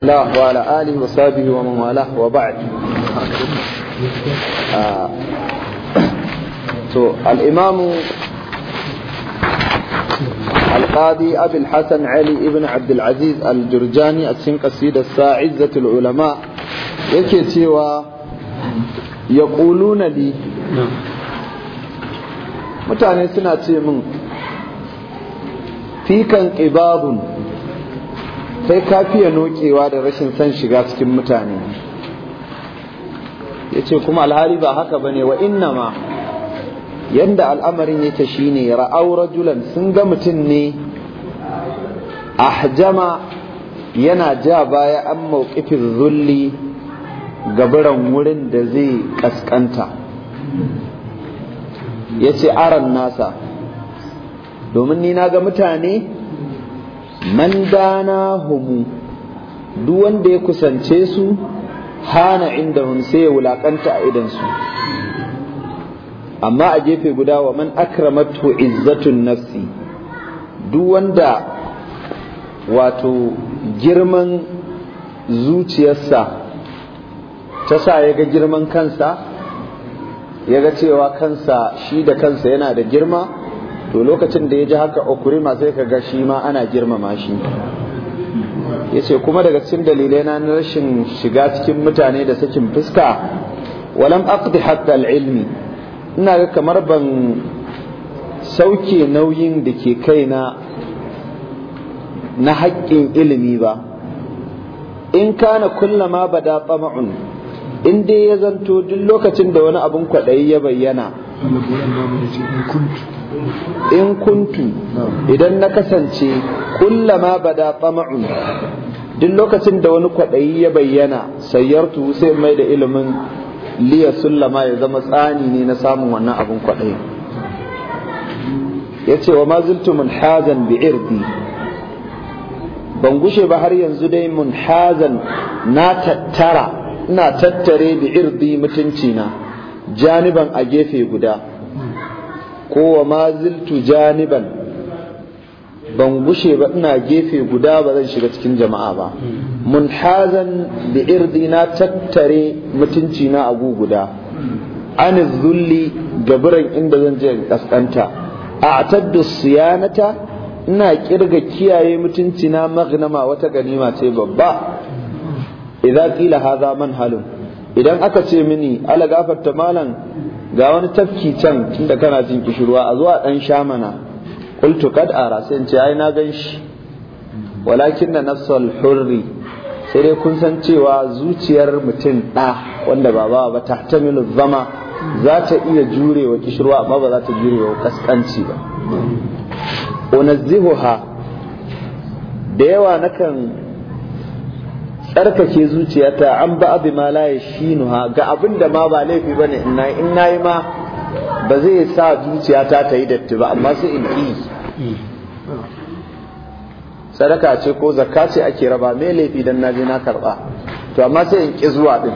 الله وعلى آله وصحبه ومن والاه وبعد آه. so, الإمام القاضي أبي الحسن علي ابن عبد العزيز الجرجاني أتسين قصيدة ساعزة العلماء yake cewa ya ƙuluna li mutane suna ce min fikan ƙibabun sai ka fiye nokewa da rashin san shiga cikin mutane ya ce kuma alhali ba haka ba ne wa inna ma yadda al'amarin yake shine ra'au rajulan sun ga mutum ne ahjama yana ja baya an mawqifin zulli gabaran wurin da zai kaskanta ya ce aran nasa domin ni na ga mutane man dana humu duk wanda ya kusance su hana inda sai ya wulakanta a idansu amma a gefe guda wa man akramatu izzatun nafsi duk wanda wato girman zuciyarsa ta sa ya ga girman kansa ya ga cewa kansa shi da kansa yana da girma to lokacin da ya ji haka okurima sai ka ga shi ma ana girmama shi ya ce kuma daga cikin dalilai na rashin shiga cikin mutane da sakin fuska walam aqdi hatta ilmi ina ga kamar ban sauke nauyin da ke kaina na haƙƙin ilimi ba in kana kullama bada tsama'un in dai ya zanto duk lokacin da wani abun kwaɗayi ya bayyana in kuntu idan na kasance kulla kullama bada tsama'un duk lokacin da wani kwaɗayi ya bayyana sayyartu sai mai da ilimin liya sullama ya zama tsani ne na samun wannan abin kwaɗayi ya ce wa mun munhazan bi irdi ban gushe ba har yanzu dai mun hazan na tattara ina tattare bi irdi mutuncina janiban a gefe guda ko wa ma ziltu janiban ban gushe ba ina gefe guda ba zan shiga cikin jama'a ba munhazan bi irdi na tattare mutunci na agu guda an zulli gaburan inda zan je ƙasƙanta a taddu siyanata ina kirga kiyaye mutunci na magnama wata ganima ce babba idan kila haza man halin idan aka ce mini ala gafarta malam. ga wani tafki can tunda kana jin kishirwa a zuwa dan shamana, mana qultu kad ara sai in ce ai na gan shi walakin da nafsul hurri sai dai kun san cewa zuciyar mutum ɗa wanda ba ba ta tamilu zama za ta iya jurewa kishirwa amma ba za ta jurewa kaskanci ba unazzihuha da yawa nakan tsarkake zuciyata an ba abi ma la yashinuha ga abin da ma ba laifi bane in in nayi ma ba zai sa zuciyata ta yi datti ba amma sai in ƙi. sadaka ce ko zakka ce ake raba me laifi dan naje na karba to amma sai in ki zuwa din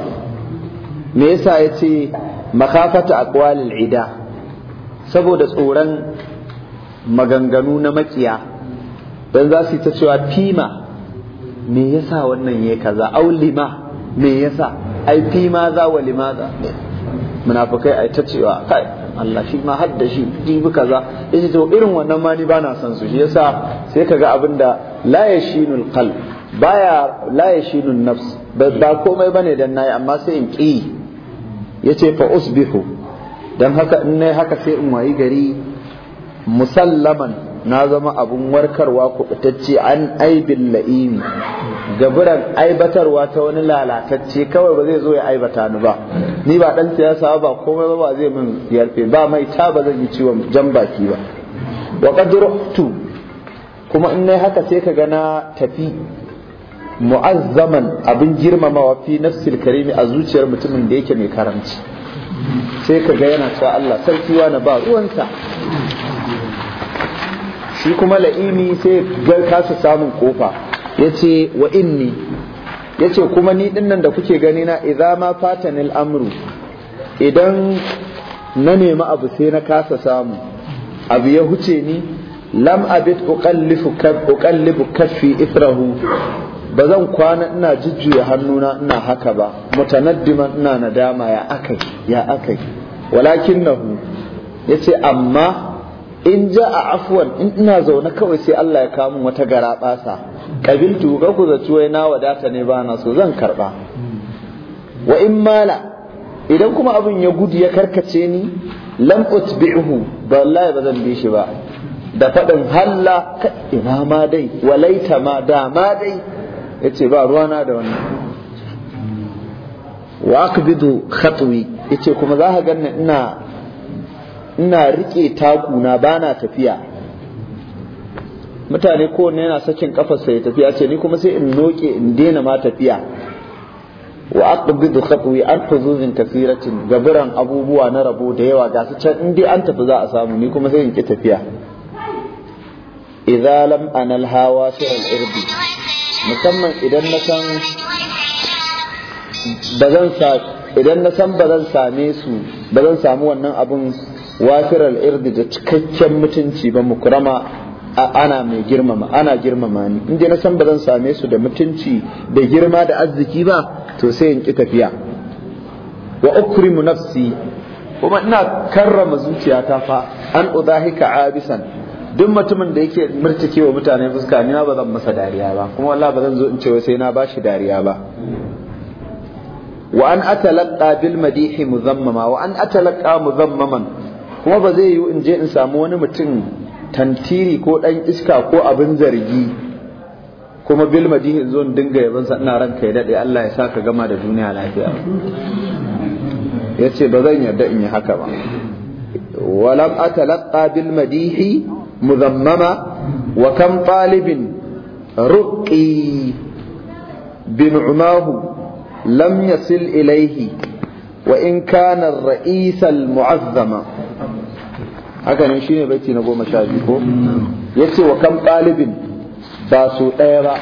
me yasa ce makafata aqwalil ida saboda tsoron maganganu na makiya dan za su ta cewa fima me yasa wannan yayi kaza au lima me yasa ai fi ma za wa limaza munafikai ai ta cewa kai Allah shi ma hadda shi jibi kaza yace to irin wannan ma ni bana san su shi yasa sai kaga abinda la yashinul qalb baya la yashinul nafs ba komai bane dan nayi amma sai in ki yace fa usbihu dan haka in nayi haka sai in wayi gari musallaman na zama abun warkarwa kuɓutacce an aibin la'imi gaburan aibatarwa ta wani lalatacce kawai ba zai zo ya aibata ni ba ni ba dan siyasa ba komai ba ba zai min yarfe ba mai ta ba zan yi ciwon jan baki ba wa qadratu kuma in nayi haka sai ka ga na tafi mu'azzaman abin girmamawa fi nafsil karimi a zuciyar mutumin da yake mai karamci sai ka ga yana cewa Allah sarki na ba ruwansa shi kuma la'imi sai ga kasa samun kofa Ya ce wa inni ce kuma ni dinnan da kuke gani na iza ma fatanil amru idan na nemi abu sai na kasa samu abu ya huce ni lam abid uqallifu kaf uqallibu kaffi ba zan kwana ina jujjuya hannuna ina haka ba mutanaddiman ina nadama ya akai ya akai walakinnahu yace amma in ja a afuwan in ina zaune kawai sai Allah ya kawo wata gara basa kabiltu ka ku zaci wai na wadata ne ba na so zan karba wa in mala idan kuma abin ya gudu ya karkace ni lam utbi'uhu ba wallahi ba zan bi shi ba da faɗin halla ina ma dai walaita ma da ma dai yace ba ruwana da wannan wa aqbidu khatwi yace kuma za ka ganna ina ina rike takuna ba na tafiya mutane kowanne yana sakin kafarsa ya tafiya ce ni kuma sai in noke in daina ma tafiya wa aqbidu khatwi an fuzuzin kasiratin gaburan abubuwa na rabo da yawa ga su can in dai an tafi za a samu ni kuma sai in ki tafiya idza lam anal hawa sirul irbi musamman idan na san ba zan sa idan na san ba zan same su ba zan samu wannan abun wafiral irdi da cikakken mutunci ba mukrama ana mai girmama ana girmama ni in na san ba zan same su da mutunci da girma da arziki ba to sai in ki tafiya wa ukrimu nafsi kuma ina karrama zuciyata fa an udahika abisan duk mutumin da yake murtake mutane fuska ni ba zan masa dariya ba kuma wallahi ba zan zo in ce sai na bashi dariya ba wa an atalaqa bil madihi muzammama wa an atalaqa muzammaman kuma ba zai yiwu in je in samu wani mutum tantiri ko ɗan iska ko abin zargi kuma bil madini in zo in dinga yaban sa ina ranka ya daɗe Allah ya sa ka gama da duniya lafiya ya ce ba zan yarda in yi haka ba walam atalaqqa bil madihi muzammama wa kam talibin ruqi bin umahu lam yasil ilayhi wa in kana ar muazzama haka ne shine bacci na goma sha biyu ko yace wa kan ɗalibin ba su ɗaya ba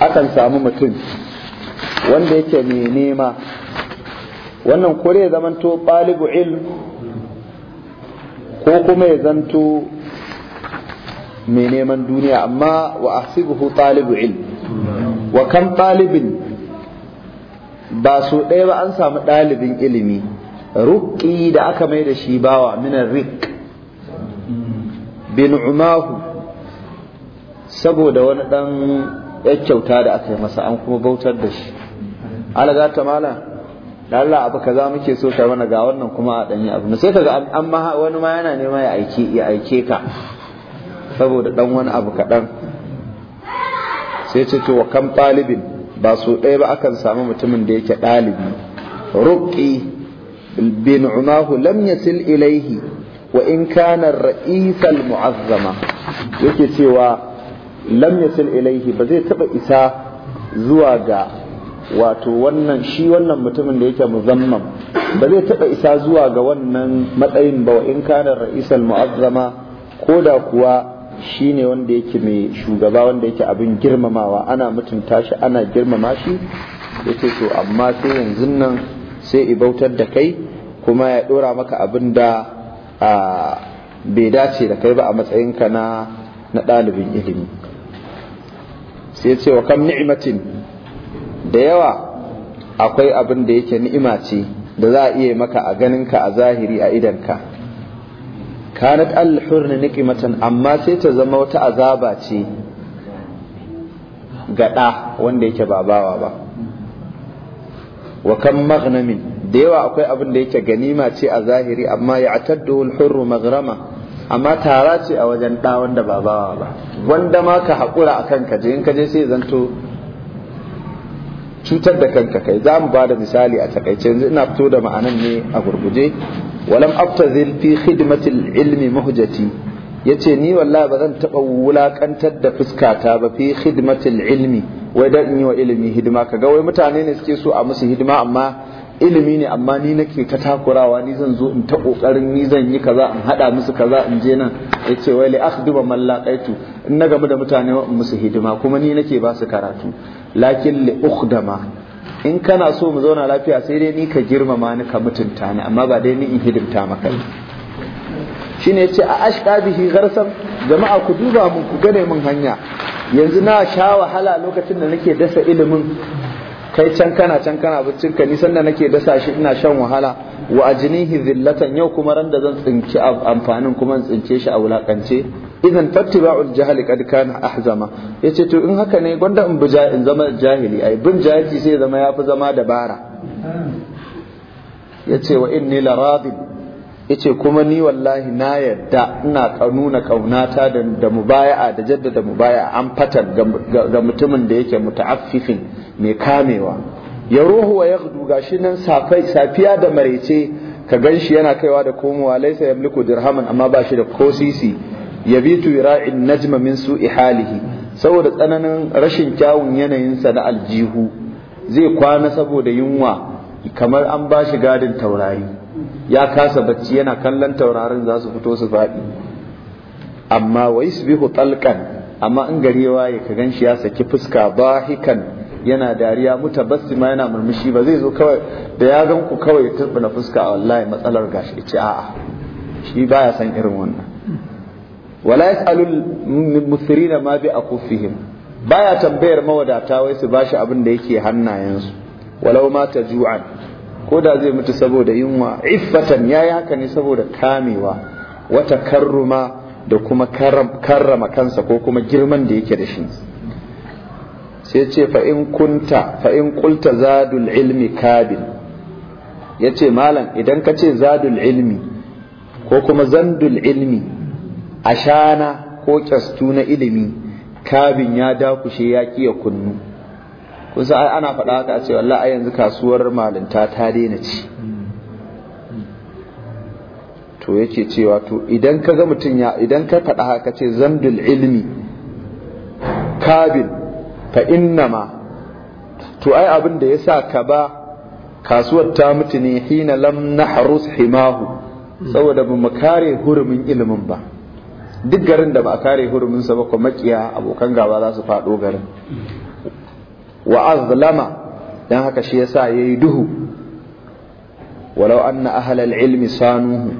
akan samu mutum wanda yake mai nema wannan kore ya zamanto ɗalibu ilm ko kuma ya zanto mai neman duniya amma wa ahsibuhu ɗalibu ilm wa kan ɗalibin ba su ɗaya ba an samu ɗalibin ilimi ruƙi da aka mai da shi bawa minan rik bin umahu saboda wani ɗan kyauta da aka yi masa an kuma bautar da shi alaga ta mala da Allah abu za muke so ta mana ga wannan kuma a ɗanyi abu sai ga an ma wani ma yana nema ya aike ya aike ka saboda ɗan wani abu kaɗan sai ce to wa kan ɗalibin ba su ɗaya ba akan samu mutumin da yake ɗalibi ruƙi bin umahu lam yasil ilaihi wa in kana ra'isal mu'azzama yake cewa lam yasil ilaihi ba zai taba isa zuwa ga wato wannan shi wannan mutumin da yake muzamman ba zai taba isa zuwa ga wannan matsayin ba wa in kana ra'isal mu'azzama ko da kuwa shi ne wanda yake mai shugaba wanda yake abin girmamawa ana mutunta shi ana girmama shi yake so amma sai yanzu nan sai bautar da kai kuma ya dora maka abin da a bai dace da kai ba a matsayinka na na ɗalibin ilimi sai ce wa kam ni'imatin da yawa akwai abin da yake ni'ima ce da za a iya maka a ganinka a zahiri a idanka kanat al-hurn niqmatan amma sai ta zama wata azaba ce ga ɗa wanda yake babawa ba wa kan magnamin da yawa akwai abin da yake ganima ce a zahiri amma ya ataddu al-hurru maghrama amma tara ce a wajen da wanda ba bawa ba wanda ma ka haƙura a kan je in ka je sai zanto cutar da kanka kai za mu ba misali a takaice yanzu ina fito da ma'anan ne a gurguje walam abtazil fi khidmatil ilmi muhjati yace ni wallahi ba zan taba wulakantar da fuskata ba fi khidmatil ilmi wai dai in yi wa ilimi hidima kaga wai mutane ne suke so a musu hidima amma ilimi ne amma ni nake ta takurawa ni zan zo in ta kokarin ni zan yi kaza in hada musu kaza in je nan yace wai li duba mallakaitu mallaqaitu in na gamu da mutane in musu hidima kuma ni nake ba su karatu lakin li ukhdama in kana so mu zauna lafiya sai dai ni ka girmama ni ka mutunta ni amma ba dai ni in hidimta maka shine yace a ashqa bihi gharsan jama'a ku duba mun ku gane mun hanya yanzu na sha wahala lokacin da nake dasa ilimin kai can kana can kana abincin ka ni da nake dasa shi ina shan wahala wa ajnihi zillatan yau kuma ran da zan tsinci amfanin kuma tsince shi a wulakance idan fattiba'ul jahli kad kana ahzama yace to in haka ne gwanda in bija in zama jahili ai bin jahili sai zama yafi zama dabara yace wa inni la radib yace kuma ni wallahi na yadda ina kanuna kaunata da da mubaya'a da jaddada mubaya'a an fatar ga mutumin da yake muta'affifin mai kamewa ya ruhu wa ya duga shi nan safiya da maraice ka ganshi yana kaiwa da komowa laisa ya yamliku dirhaman amma ba shi da ko sisi ya ra'in najma min su ihalihi saboda tsananin rashin kyawun yanayinsa na aljihu zai kwana saboda yunwa kamar an ba shi gadin taurari ya kasa bacci yana kallon taurarin za su fito su faɗi amma wa bihu talqan amma in gari ya waye ka ganshi ya saki fuska bahikan yana dariya ma yana murmushi ba zai zo kawai da ya gan ku kawai ya na fuska a wallahi matsalar gashi ce a'a shi baya san irin wannan wala yasalul musirina ma bi akufihim baya tambayar mawadata wai su bashi abin da yake hannayensu walau ma ta ju'an ko da zai mutu saboda yunwa iffatan yayi haka ne saboda kamewa wata karruma da kuma karrama kansa ko kuma girman da yake da shi sai ce fa’in kunta fa’in kulta zadul ilmi kabil ce malam idan ka ce zadul ilmi ko kuma zandul ilmi ashana ko kyastu na ilimi kabin ya dakushe ya kiya kunnu kun ana faɗa haka a ce a yanzu kasuwar malinta ta daina ci to yake cewa to idan ka ga mutum ya idan ka faɗa haka ce zandul ilmi kabil fa innama to ai abin da yasa ka ba kasuwar ta mutu ne hina lam nahrus himahu saboda ba mu kare hurumin ilimin ba duk garin da ba a kare hurumin sa ba ko makiya abokan gaba za su faɗo garin wa azlama dan haka shi yasa yayi duhu walau anna ahlal ilmi sanuhu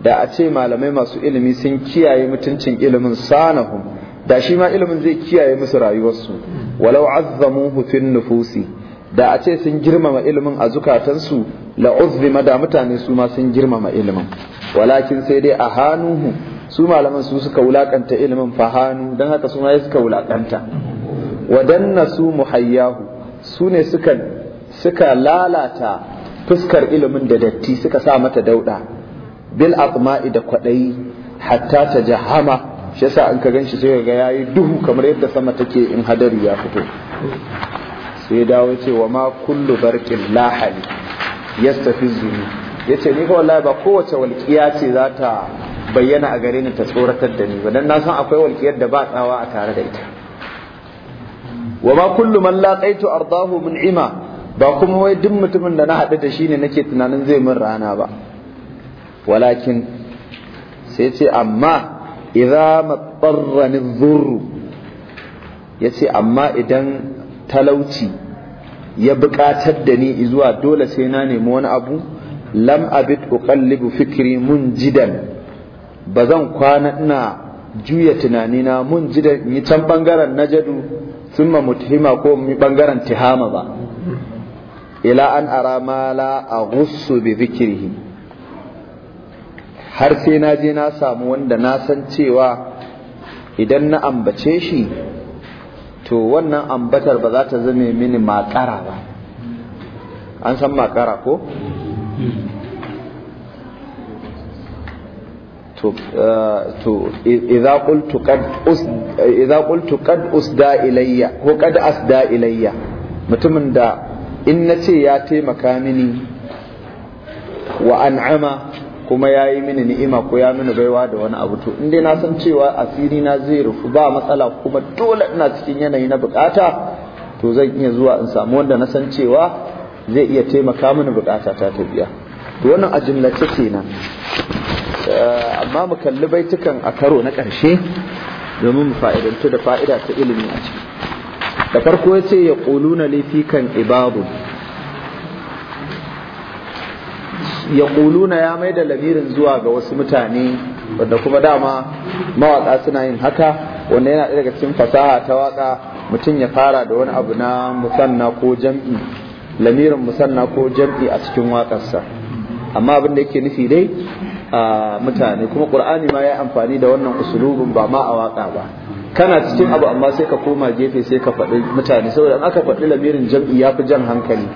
da a ce malamai masu ilimi sun kiyaye mutuncin ilimin sanahum da shi ma ilimin zai kiyaye musu rayuwarsu walau azzamuhu fin nufusi da a ce sun girmama ilimin a zukatansu la uzlima da mutane su ma sun girmama ilimin walakin sai dai a hanuhu su malaman su suka wulakanta ilimin fahanu dan haka su ma suka wulakanta wadanna su muhayyahu su ne suka suka lalata fuskar ilimin da datti suka sa mata dauda bil aqma'i da kwaɗayi, hatta ta jahama shi yasa an ka ganshi sai ga yayi duhu kamar yadda sama take in hadari ya fito sai ya dawo ce wa ma kullu barqin lahali yastafizuni yace ni ko wallahi ba kowace walƙiya ce za ta bayyana a gare ni ta tsoratar da ni ba dan na san akwai walƙiyar da ba tsawa a tare da ita wa ma kullu man laqaitu ardahu min ima ba kuma wai duk mutumin da na haɗu da shi ne nake tunanin zai min rana ba walakin sai ce amma idza matarrani dhurru yace amma idan talauci ya buƙatar da ni zuwa dole sai na nemi wani abu lam abid uqallibu fikri munjidan bazan kwana ina juya tunani tunanina munjidan in yi can bangaren najadu summa muthima ko mi bangaren tihama ba ila an ara la aghussu bi dhikrihi har sai na je na samu wanda na san cewa idan na ambace shi to wannan ambatar ba za ta zame mini makara ba an san makara ko? إذا قلت قد usda ilayya ko أسدى asda ilayya mutumin da in na ce ya taimaka mini wa an'ama kuma ya yi mini ni'ima ko ya mini baiwa da wani abu to in dai na san cewa asiri na zai rufu ba matsala kuma dole ina cikin yanayi na bukata to zan iya zuwa in samu wanda na san cewa zai iya taimaka mini bukata ta ta biya to wannan a jumlace kenan eh, amma mu kalli baitukan a karo na karshe domin mu fa'idantu da fa'ida ta ilimi a ciki da farko ya ce ya fikan lifikan ya ƙuluna ya mai da lamirin zuwa ga wasu mutane wadda kuma dama mawaƙa suna yin haka wanda yana daga cikin fasaha ta waƙa mutum ya fara da wani abu na musanna ko jam'i lamirin musanna ko jam'i a cikin waƙarsa amma abin da yake nufi dai a mutane kuma ƙur'ani ma ya amfani da wannan usulubin ba ma a waƙa ba kana cikin abu amma sai ka koma gefe sai ka faɗi mutane saboda in aka faɗi lamirin jam'i ya fi jan hankali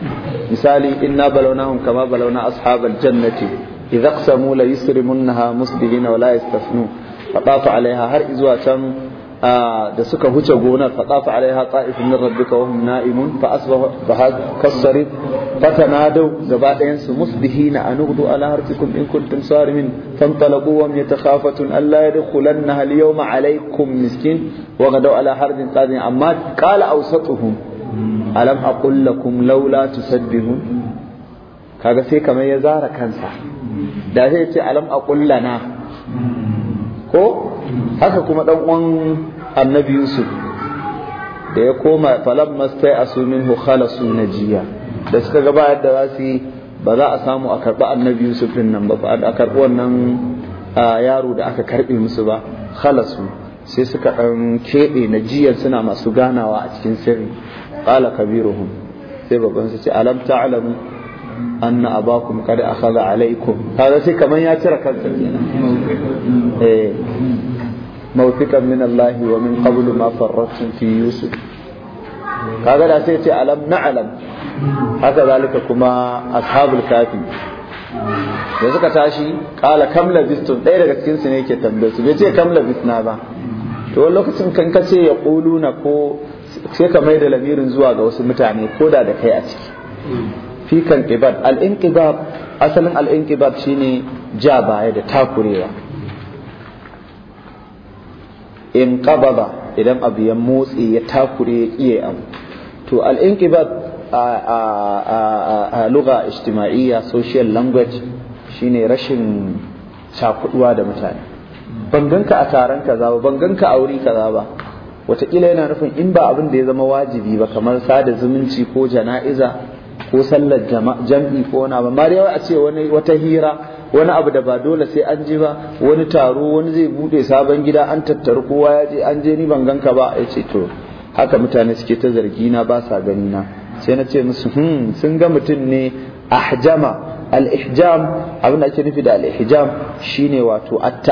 misali inna balawnahum kama balawna ashabal jannati idza qasamu la yusrimunha musbihina wa la yastafnu fa alaiha har izuwa can da suka huce gonar fa tafa alaiha qa'ifun min rabbika wa hum na'imun fa asbahu kasarib fatanadu gaba ɗayan su musbihina anughdu ala harfikum in kuntum sarimin fantalaqu wa yatakhafatun alla yadkhulanna al yawma alaykum miskin wa gadaw ala harbin qadim amma qala awsatuhum alam aqul lakum laula tusabbihun kaga sai kamar ya zara kansa da sai ce alam aqul lana ko haka kuma dan uwan annabi yusuf da ya koma falam mastai asu minhu khalasu najiya da suka ga bayar da za su ba za a samu a karɓi annabi yusuf din nan ba a karɓi wannan yaro da aka karɓe musu ba khalasu sai suka ɗan keɓe na suna masu ganawa a cikin sirri ƙala kabiruhum sai babban su ce alam ta'lamu anna abakum qad akhadha alaykum kaga sai kaman ya cire kansa eh mawthiqan min Allahi wa min qablu ma farrattum fi yusuf kaga da sai ce alam na'lam haka zalika kuma ashabul kafi da suka tashi kala kam labistum ɗaya daga cikin su ne yake tambaye su bai ce kam labisna ba to wani lokacin kan ka ce ya kuluna na ko sai ka mai da lamirin zuwa ga wasu mutane ko da da kai a ciki Fikan kan qibad al inqibab asalin al inqibab shine ja baya da takurewa in qabada idan abu ya motsi ya takure ya kiye abu to al inqibab a lugha ijtima'iyya social language shine rashin cakuduwa da mutane ban a taron kaza ba ban a wuri kaza ba wataƙila yana nufin in ba abin da ya zama wajibi ba kamar sada zumunci ko jana'iza ko sallar jam'i ko wani abu amma a ce wani wata hira wani abu da ba dole sai an je ba wani taro wani zai bude sabon gida an tattaru kowa ya je an je ni ban ganka ba ya ce to haka mutane suke ta zargi na ba sa gani na sai na ce musu hmm sun ga mutum ne ahjama al-ihjam abin da ake nufi da al-ihjam shine wato at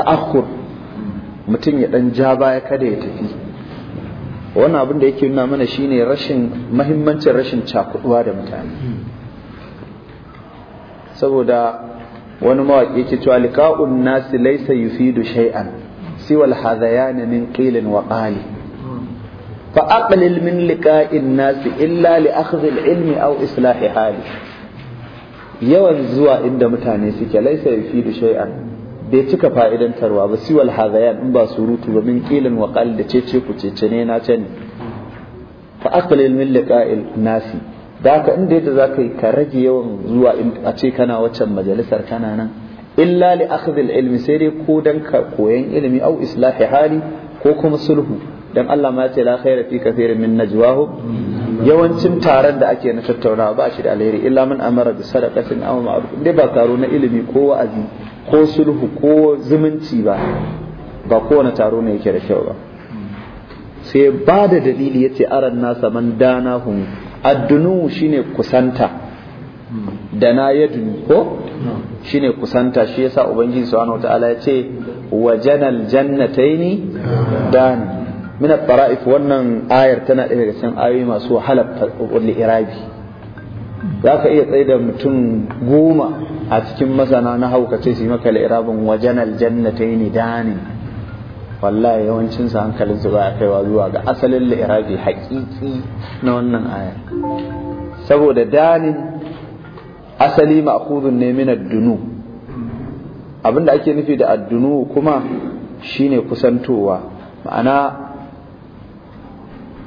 mutum ya dan ja baya kada ya tafi wannan abin da yake nuna mana shine rashin mahimmancin rashin cakuduwa da mutane saboda wani mawaƙi yake cewa liqa'un nasi laysa yufidu shay'an siwal hadhayan min qilin wa qali fa aqlil min liqa'in nasi illa li akhdhi al-ilmi aw islahi hali yawan zuwa inda mutane suke laysa yufidu shay'an bai cika fa'idantarwa ba siwal hazayan in ba surutu ba min ƙilin wa qal da ce ku ce ne na ce ne fa aqlil min liqa'il nasi da haka inda yadda zaka yi ka rage yawan zuwa a ce kana waccan majalisar kana nan illa li akhdhil ilmi sai dai ko dan ka koyan ilimi au islahi hali ko kuma sulhu dan Allah ma ya ce la khaira fi kathirin min najwahum yawancin taron da ake na tattaunawa ba shi da alheri illa mun amara bi sadaqatin aw ma'ruf dai ba taro na ilimi ko wa'azi ko sulhu ko zumunci ba ba kowane taro ne yake da kyau ba sai ba da dalili yace aran nasa man dana hum addunu shine kusanta da na yadu ko shine kusanta shi yasa ubangiji subhanahu wataala yace wajanal jannataini dani Mina at wannan ayar tana ɗaya daga cikin ayoyi masu wahalar irabi za ka iya tsaida mutum goma a cikin masana na haukace su yi maka irabin wajen aljannatai ne danin wallahi yawancin sa hankalin su baya kaiwa zuwa ga asalin li'irabi haƙiƙi na wannan aya saboda danin asali ma'khudun ne min ad-dunu abinda ake nufi da addunu kuma shine kusantowa ma'ana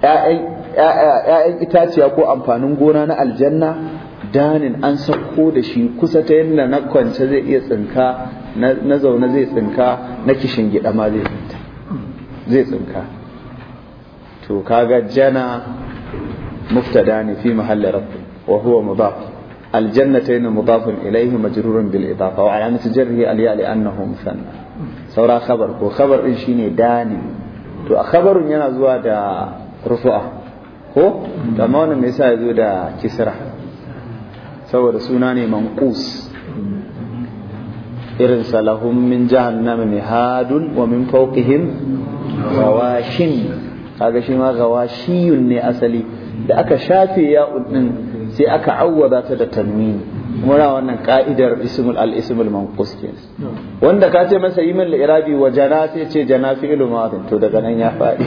‘ya'yan itaciya ko amfanin gona na aljanna danin an sauko da shi kusa ta yadda na kwance zai iya tsinka na zaune zai tsinka na kishin gida ma zai tsinka to kaga jana mufta dani fi mahalli rabbi wa huwa mudaf aljannatayn mudafun ilaihi majrurun bil idafa wa alamatu jarhi al ya li annahu musanna saura khabar ko khabar din shine dani to a khabarun yana zuwa da rufu'a ko kamar wannan me yasa ya zo da kisra saboda suna ne manqus irin salahum min jahannama mihadun wa min fawqihim gawashin kaga shi ma gawashiyun ne asali da aka shafe ya din sai aka awwada ta da tanwini mura wannan ka'idar ismul al ismul manqus wanda ka ce masa yi min irabi wa jana ce jana fi ilu madin to daga nan ya faɗi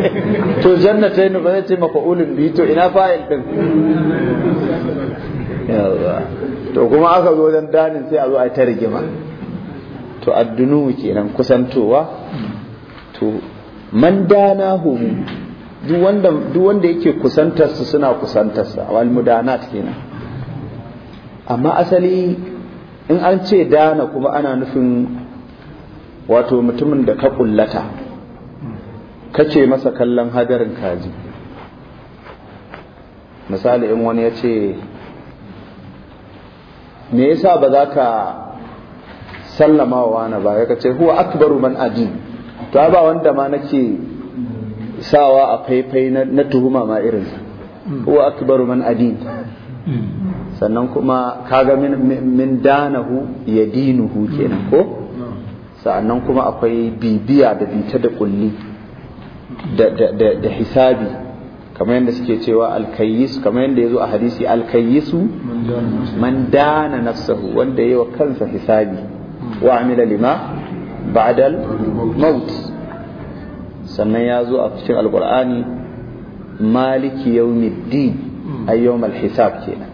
to jannata ne ba zai ce mafa'ulun bi to ina fa'il din to kuma aka zo dan danin sai a zo a ta rigima to addunu kenan kusantowa to man danahu duk wanda yake kusantar su suna kusantar sa wal mudanat kenan amma asali in an ce dana kuma ana nufin wato mutumin da ka kullata ce masa kallon hadarin kaji misali in wani ya ce me yasa ba za ka sallama wa wani ba ya ce huwa akbaru man aji to ba wanda ma nake sawa a faifai na tuhuma ma irinsa hmm. huwa akbaru man adin? Hmm. sannan kuma kaga min danahu ya dinuhu kenan ko sa'annan kuma akwai bibiya da bita da kulli da hisabi kamar yadda suke cewa alkayis kamar yadda ya zo a hadisi alkayisu man dana nafsahu wanda ya yi wa kansa hisabi wa amila lima ba'dal maut sannan ya zo a cikin alkur'ani maliki yaumiddin ay hisab kenan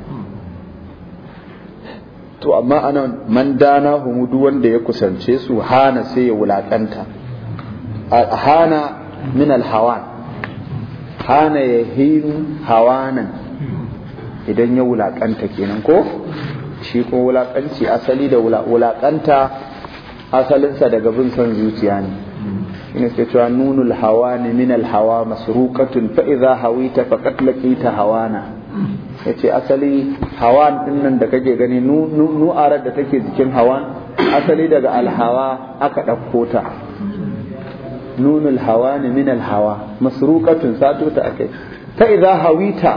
to amma anan man dana humudu wanda ya kusance su hana sai ya wulakanta hana min alhawan hana ya hinu hawanan idan ya wulakanta kenan ko shi ko wulakanci asali da wulakanta asalinsa daga bin son zuciya ne ina ce cewa nunul hawa ne min alhawa masruqatun fa idza hawita faqad laqita hawana yace asali hawan dinnan da kake gani nu'arar da take jikin hawan asali daga alhawa aka ɗauko ta nunul hawa ne min alhawa masrukatun sato ta akai ta idza hawita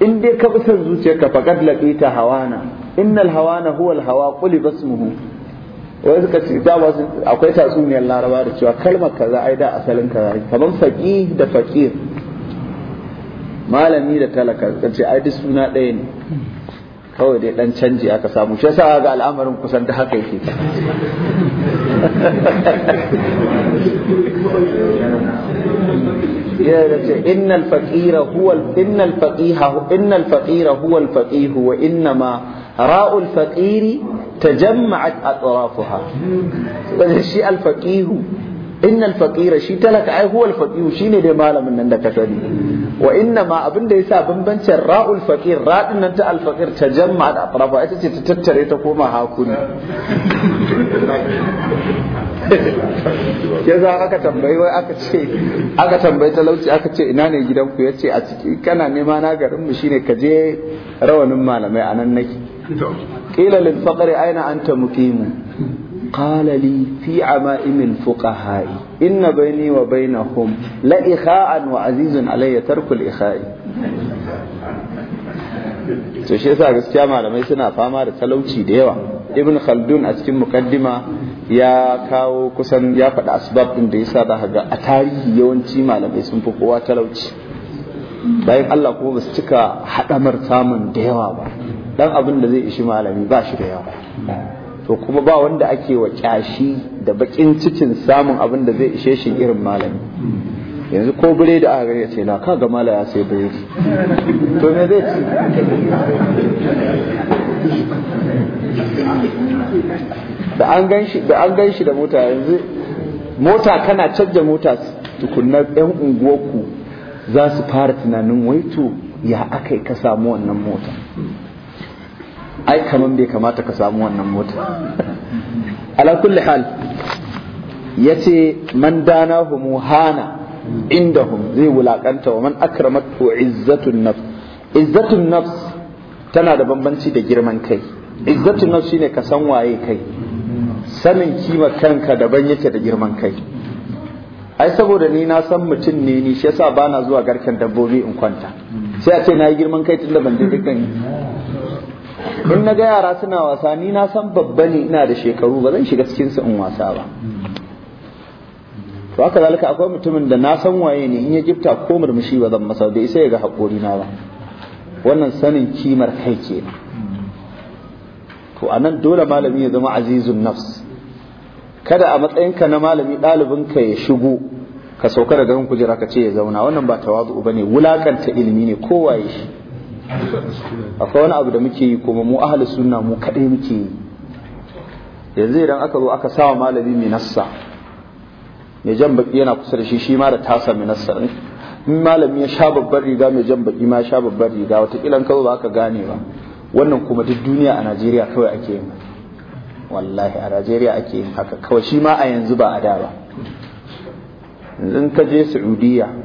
in dai ka bisa son ka faqad laqita hawana innal hawana huwa alhawa quli basmuhu wai suka ce da ba akwai tatsuniyar laraba da cewa kalmar kaza ai da asalin kaza kamar faqih da faqir malami da talaka ka ce ai duk suna ɗaya ne kawai dai dan canji aka samu shi yasa ga al'amarin kusan da haka yake ya da innal faqira huwa innal faqiha innal faqira huwa al faqih wa inna ma faqiri tajamma'at atrafuha shi al innal fakira shi talaka ai huwa shine dai malamin nan da ka sani wa inna ma abin da yasa bambancin ra'ul faqir ra'din nan ta alfakir ta jamma da atrafa ita ce ta tattare ta koma hakuri yasa aka tambayi wai aka ce aka tambayi talauci aka ce ina ne gidanku ya ce a ciki kana nema na garin mu shine ka je rawanin malamai anan nake qila lil faqri aina anta muqimu قال لي في عمائم الفقهاء إن بيني وبينهم لإخاء وعزيز علي ترك الإخاء to shi yasa gaskiya malamai suna fama da talauci da yawa ibn khaldun a cikin mukaddima ya kawo kusan ya faɗi asbab ɗin da yasa za ga a tarihi yawanci malamai sun fi kowa talauci bayan Allah kuma ba su cika haɗamar samun da yawa ba dan abin da zai ishi malami ba shi da yawa to kuma ba wanda ake wa kyashi da bakin cikin samun abin da zai ishe shi irin malami yanzu ko bire da aka ya ce na ka ga mala ya sai bire to me zai ci da an gan shi da an da mota yanzu mota kana canja mota tukunna yan unguwarku za su fara tunanin waito ya aka yi ka samu wannan mota ai kaman bai kamata ka samu wannan mota ala kulli hal yace man dana hana indahum zai wulakanta wa man akramatu izzatun nafs izzatun nafs tana da bambanci da girman kai izzatun nafs shine ka san waye kai sanin kima kanka daban yake da girman kai ai saboda ni na san mutum ne ni shi yasa bana zuwa garken dabbobi in kwanta sai a ce na yi girman kai tunda ban je dukkan in na ga yara suna wasa ni na san babba ne ina da shekaru ba zan shiga cikin su in wasa ba to haka zalika akwai mutumin da na san waye ne in ya gifta ko murmushi ba zan masa bai sai ya ga hakori na ba wannan sanin kimar kai ke to anan dole malami ya zama azizun nafs kada a matsayinka na malami ka ya shigo ka sauka daga kujera ka ce ya zauna wannan ba tawazu bane wulakanta ilimi ne kowaye shi akwai wani abu da muke yi kuma mu ahali suna mu kadai muke yi yanzu idan aka zo aka sawa malami minassa. nassa mai jan baki yana kusa da shi shi ma da tasa minassa. in malami ya sha babbar riga mai jan baki ma ya sha babbar riga Watakila ka ba ka gane ba wannan kuma duk duniya a najeriya kawai ake yin wallahi a najeriya ake yin haka kawai shi ma a yanzu ba a da ba in ka je saudiya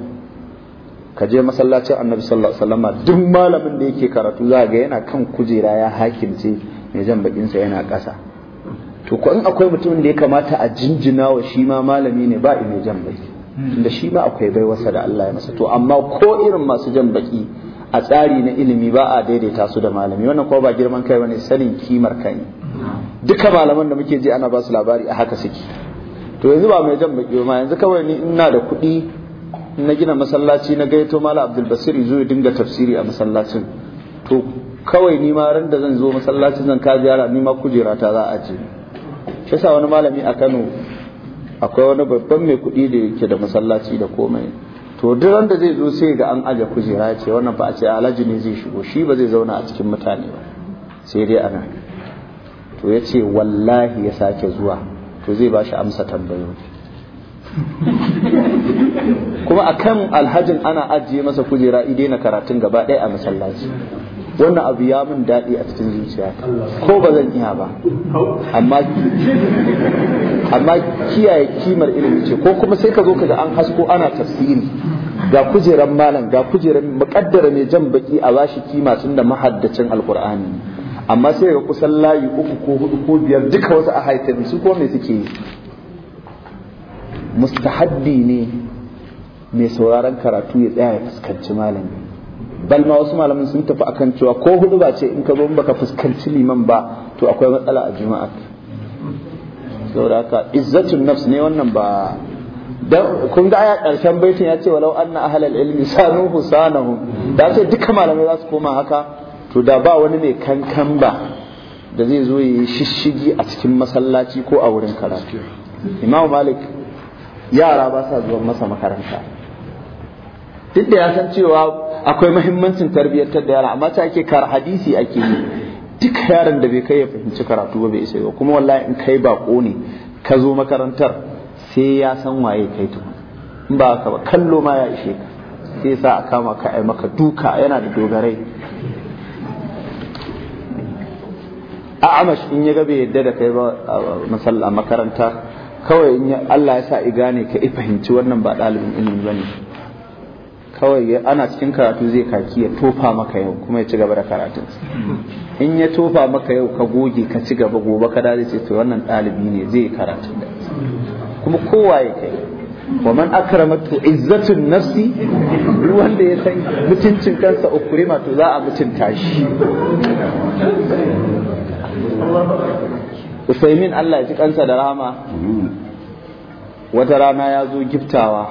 ka je masallacin annabi sallallahu alaihi wasallam duk malamin da yake karatu za ga yana kan kujera ya hakimce mai jan bakin sa yana ƙasa to ko in akwai mutumin da ya kamata a jinjina wa shi ma malami ne ba mai jan baki tunda shi ma akwai baiwarsa da Allah ya masa to amma ko irin masu jan baki a tsari na ilimi ba a daidaita su da malami wannan ko ba girman kai bane sanin kimar kai duka malaman da muke ji ana ba su labari a haka suke to yanzu ba mai jan baki ma yanzu kawai ni ina da kuɗi na gina masallaci na gaito mala abdul basir zo ya dinga tafsiri a masallacin to kawai ni ma ran da zan zo masallacin zan ka ziyara ni ma kujera ta za a ce shi yasa wani malami a Kano akwai wani babban mai kuɗi da yake da masallaci da komai to duk ran da zai zo sai ga an aje kujera ya ce wannan ba a ce alhaji ne zai shigo shi ba zai zauna a cikin mutane ba sai dai ana to ya ce wallahi ya sake zuwa to zai ba shi amsa tambayoyi kuma a kan alhajin ana ajiye masa kujera idai na karatun gaba ɗaya a masallaci wannan abu ya min daɗi a cikin zuciya ko ba zan iya ba amma amma kiyaye kimar ilimi ce ko kuma sai ka zo kaga an hasko ana tafsiri ga kujeran malam ga kujeran muƙaddara mai jan baki a bashi kima tun da mahaddacin alkur'ani amma sai ga kusan layi uku ko hudu ko biyar duka wasu a haifin su ko me suke yi mustahaddi ne mai sauraron karatu ya tsaya ya fuskanci malami bal ma wasu malamin sun tafi akan cewa ko hudu ba ce in ka zo baka fuskanci liman ba to akwai matsala a juma'a saboda izzatun nafs ne wannan ba dan kun ga aya karshen baitin ya ce walau anna ahlal ilmi sanu husanahum da ce duka malamai za su koma haka to da ba wani mai kankan ba da zai zo yi shishigi a cikin masallaci ko a wurin karatu imam malik yara ba sa zuwa masa makaranta duk da ya san cewa akwai mahimmancin tarbiyyar da yara amma ta ake kar hadisi ake yi duk yaron da bai kai ya fahimci karatu ba bai isa ba kuma wallahi in kai bako ne ka zo makarantar sai ya san waye kai to in ba ka ba kallo ma ya ishe ka sai sa a kama ka ai maka duka yana da dogarai a amash in ya ga bai yadda da kai ba a makaranta kawai in Allah ya sa i gane ka i fahimci wannan ba ɗalibin ilimi bane kawai ana cikin karatu zai kaki ya tofa maka yau kuma ya ci gaba da karatun in ya tofa maka yau ka goge ka ci gaba gobe ka da ce to wannan ɗalibi ne zai karatu da kuma kowa ya kai wa man akramatu izzatun nafsi wanda ya san mutuncin kansa ukurima to za a mutunta shi usaimin Allah ya ci kansa da rama wata rana ya zo giftawa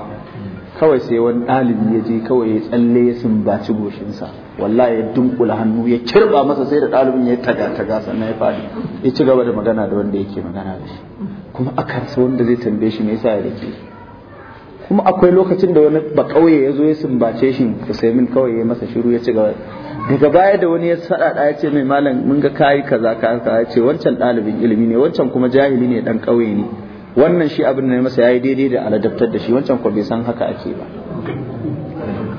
kawai sai wani ɗalibi ya je kawai ya tsalle ya sumbaci goshinsa wallahi ya dunkula hannu ya kirba masa sai da ɗalibin ya taga taga sannan ya faɗi ya ci gaba da magana da wanda yake magana da shi kuma aka rasa wanda zai tambaye shi me yasa ya rike kuma akwai lokacin da wani ba kauye ya zo ya sumbace shi Usaimin kawai ya masa shiru ya ci gaba daga baya da wani ya sadada ya ce mai malam mun ga kai kaza ka ya ce wancan ɗalibin ilimi ne wancan kuma jahili ne dan kauye ne wannan shi abin da ya masa yayi daidai da aladabtar da shi wancan ko bai san haka ake ba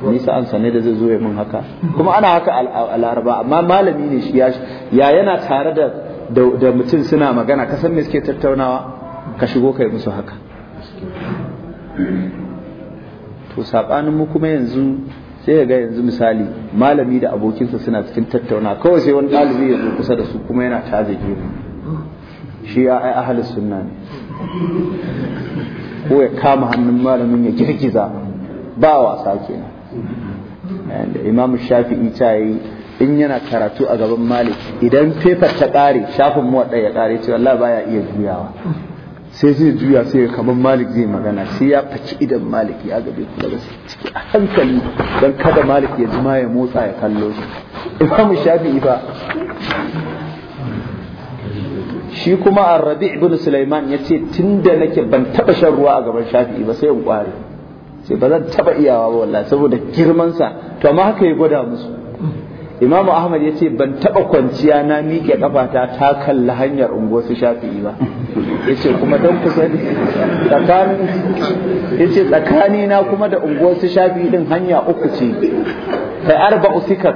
nisa an sane da zai zo mun haka kuma ana haka a amma malami ne shi ya yana tare da da mutum suna magana ka san me suke tattaunawa ka shigo kai musu haka to sabanin mu kuma yanzu sai ga yanzu misali malami da abokinsa suna cikin tattauna kawai sai wani ɗalibi ya zo kusa da su kuma yana taze gemu shi ya ai ahli sunna ne ko ya kama hannun malamin ya girgiza ba wasa kenan da imamu shafi'i ta yi in yana karatu a gaban malik idan fefar ta ƙare shafin muwaɗa ya ƙare ce Allah baya iya juyawa sai zai juya sai kamar malik zai magana sai ya faci idan malik ya gabe kula da su, ciki a hankali don kada malik ya ji ya motsa ya kallo shi imamu shafi'i ba shi kuma arrabi ibn sulaiman ya ce tun da nake ban taba shan ruwa a gaban shafi'i ba sai in kware sai ba zan taba iyawa ba wallahi saboda girmansa to amma haka ya gwada musu Imam Ahmad ya ce ban taɓa kwanciya na miƙe ƙafata ta kalli hanyar unguwar su shafi'i ba ya ce kuma don kusa ya ce tsakani na kuma da unguwar su shafi'i din hanya uku ce kai arba usikak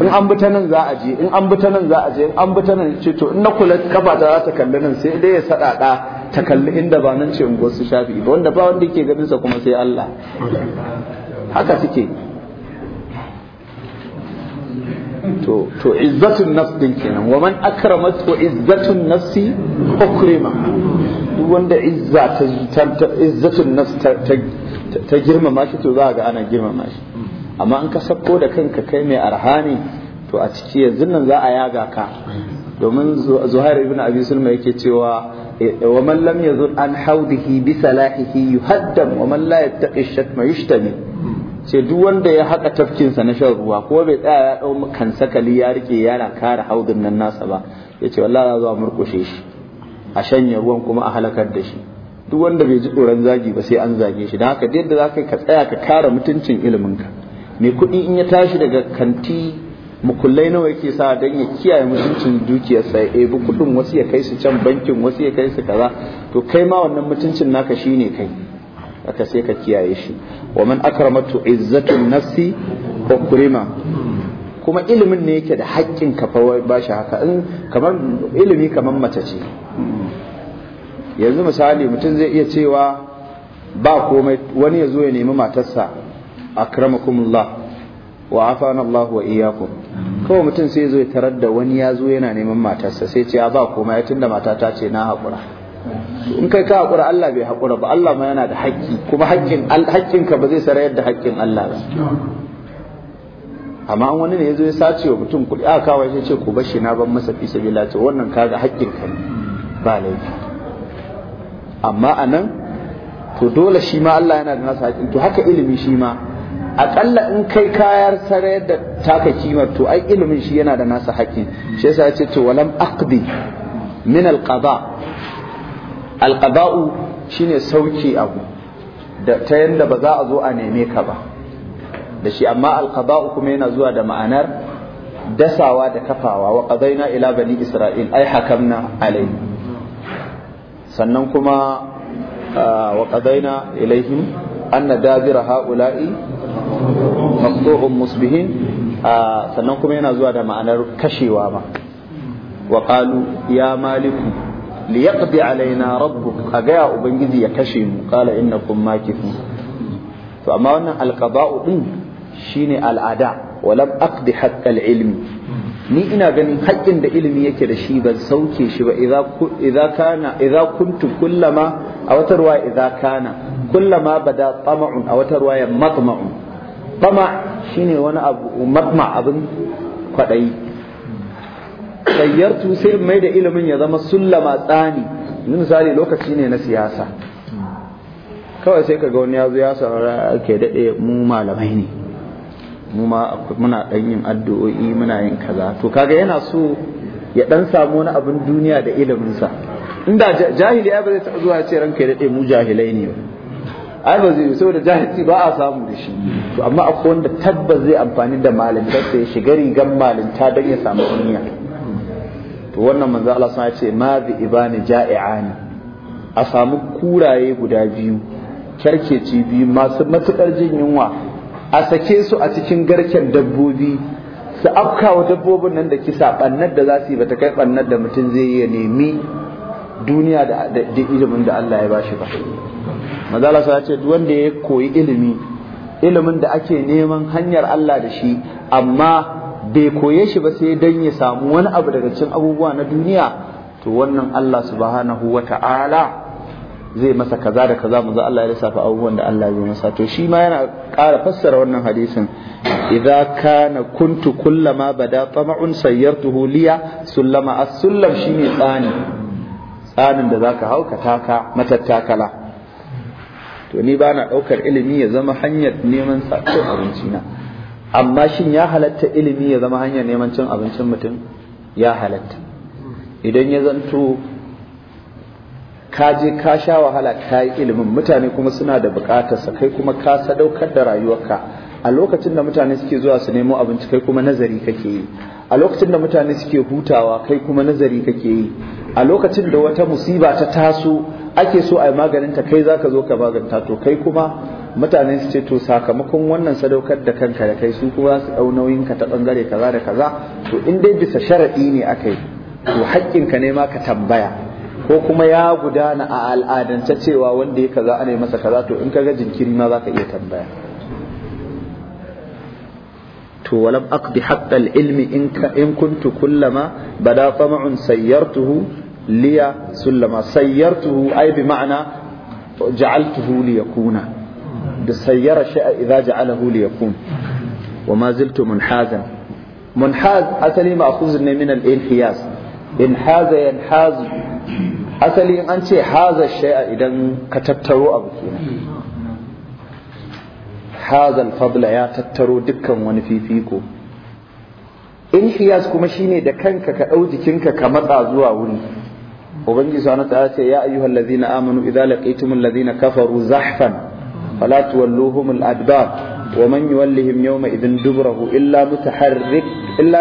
in an bi ta nan za a je in an bi ta nan za a je in an bi nan ce to in na kula ta za ta kalli nan sai dai ya saɗaɗa ta kalli inda ba nan ce unguwar su shafi'i ba wanda ba wanda yake ganin sa kuma sai Allah haka suke to to izzatun nafs din kenan wa man akramat to izzatun nafsi ukrima duk wanda izza ta izzatun nafs ta girmama shi to za ga ana girmama shi amma an ka sako da kanka kai mai arhani to a ciki yanzu nan za a yaga ka domin zuhair ibn abi sulma yake cewa e, e, wa man lam yazul an haudihi bi salahihi yuhaddam wa man la yattaqi shatma yushtami ce duk wanda ya haka sa na shan ruwa ko bai tsaya ya dau kan sakali ya rike yana kare haudin nan nasa ba ya ce wallahi za zuwa murkushe shi a shanye ruwan kuma a halakar da shi duk wanda bai ji tsoron zagi ba sai an zage shi dan haka yadda za ka tsaya ka kare mutuncin ilimin ka mai kuɗi in ya tashi daga kanti mukullai nawa yake sa dan ya kiyaye mutuncin dukiyarsa ya ebi kuɗin wasu ya kai su can bankin wasu ya kai su kaza to kai ma wannan mutuncin naka shine kai Aka sai ka kiyaye shi wa man akramatu izzatun nafsi ukrima kuma ilimin ne yake da haƙƙin ka ba shi haka in kamar ilimi kamar mace ce yanzu misali mutum zai iya cewa ba komai wani ya zo ya nemi matarsa akramakumullah wa afana Allah wa iyyakum kawai mutum sai ya tarar da wani ya zo yana neman matarsa sai ce ba komai tunda matata ce na haƙura in kai ka haƙura Allah bai haƙura ba Allah ma yana da haƙƙi kuma haƙƙin ba zai sarayar da haƙƙin Allah ba amma an wani ne ya zo ya sace wa mutum kuɗi aka kawai sai ce ku bashi na ban masa fi sabila ce wannan kaga ga haƙƙinka. ne ba laifi amma anan to dole shi ma Allah yana da nasa haƙƙin to haka ilimi shi ma aƙalla in kai kayar sarayar da taka kimar to ai ilimin shi yana da nasa haƙƙin shi yasa ya ce to walam aqdi min alqada alqada'u shine sauke abu da ta yadda ba za a zo a neme ka ba da shi amma alqada'u kuma yana zuwa da ma'anar dasawa da kafawa wa qadaina ila bani isra'il ai hakamna alai sannan kuma ah, wa qadaina ilaihim anna dabira haula'i maqtu'un musbihin ah, sannan kuma yana zuwa da ma'anar kashewa ma wa qalu ya maliku li alaina rabbuk a gaya ubangiji ya kashe mu qala innakum makithun to amma wannan alqada'u din shine al'ada walam aqdi haqqal ilmi ni ina ganin haƙƙin da ilimi yake da shi ban sauke shi ba idza kana idza kuntu kullama a wata ruwa idza kana kullama bada tama'un a wata ruwa matma'un tama shine wani abu matma abin kwadayi sayyartu sai mai da ilimin ya zama sullama tsani misali lokaci ne na siyasa kawai sai ka ga wani ya zo ya saurara ake daɗe mu malamai ne mu ma muna ɗan yin addu'o'i muna yin kaza to kaga yana so ya ɗan samu wani abin duniya da iliminsa inda jahili ya ba zai taɓa zuwa ce ranka ya daɗe mu jahilai ne ai ba zai saboda jahilci ba a samu da shi to amma akwai wanda tabbas zai amfani da sai ya shiga rigar malinta don ya samu duniya to wannan manzo Allah sun ce ma bi ibani ja'i'ani a samu kuraye guda biyu kyarkeci biyu masu matukar jin yunwa a sake su a cikin garken dabbobi su afkawa dabbobin nan da kisa bannar da za su yi bata kai bannar da mutum zai yi nemi duniya da ilimin da Allah ya bashi ba manzo Allah ce duk wanda ya koyi ilimi ilimin da ake neman hanyar Allah da shi amma bai koye shi ba sai dan ya samu wani abu daga cikin abubuwa na duniya to wannan Allah subhanahu wata'ala zai masa kaza da kaza manzo Allah ya lissafa abubuwan da Allah zai masa to shi ma yana ƙara fassara wannan hadisin idza kana kuntu kullama bada tama'un sayyartuhu liya sullama as-sullam shine tsani tsanin da zaka hauka taka matattakala to ni ba na ɗaukar ilimi ya zama hanyar neman sakon abinci na amma shin ya halatta ilimi ya zama hanyar neman cin abincin mutum ya halatta idan ya zanto ka je ka sha wahala ka yi ilimin mutane kuma suna da bukatar kai kuma ka sadaukar da rayuwarka a lokacin da mutane suke zuwa su nemo abinci kai kuma nazari kake yi a lokacin da mutane suke hutawa kai kuma nazari kake yi a lokacin da wata musiba ta taso ake so a yi maganinta kai za ka zo ka maganta to kai kuma mutane su ce to sakamakon wannan sadaukar da kanka da kai su kuma su dau nauyin ka ta bangare kaza da kaza to in dai bisa sharadi ne akai to haƙƙin ka ne ma ka tambaya ko kuma ya gudana a al'adance cewa wanda ya kaza ana masa kaza to in ga jinkiri ma zaka iya tambaya to walam aqdi hatta al-ilmi in in kuntu kullama bada tama'un sayyartuhu liya sullama sayyartuhu ay bi ma'ana ja'altuhu liyakuna da sayyara shi'a idza ja'alahu li yakun wa ma ziltu munhazan munhaz asali ma'khuz ne min al-inhiyas inhaza yanhaz asali an ce haza shay'a idan ka tattaro abu kenan haza al-fadla ya tattaro dukkan wani fifiko inhiyas kuma shine da kanka ka dau jikinka ka matsa zuwa wuri ubangiji subhanahu wa ta'ala ce ya ayyuhallazina amanu idza laqitumul ladina kafaru zahfan فلا تولوهم الأدبار ومن يولهم يومئذ دبره إلا متحرك إلا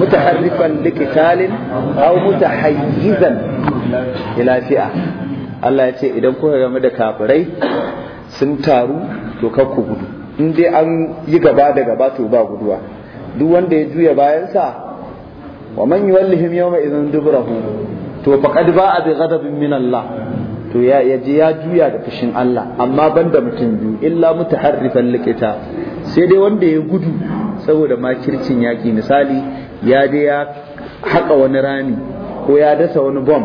متحركا لقتال أو متحيزا إلى فئة Allah ya ce idan kuka game da kafirai sun taru to kar ku gudu in dai an yi gaba da gaba to ba guduwa duk wanda ya juya bayansa wa man yuwallihim yawma idan dubrahu to faqad ba'a bi ghadabin min Allah to ya yaje ya juya da fushin Allah amma banda mutum biyu illa mutaharrifan likita sai dai wanda ya gudu saboda makircin yaki misali ya je ya haka wani rami ko ya dasa wani bom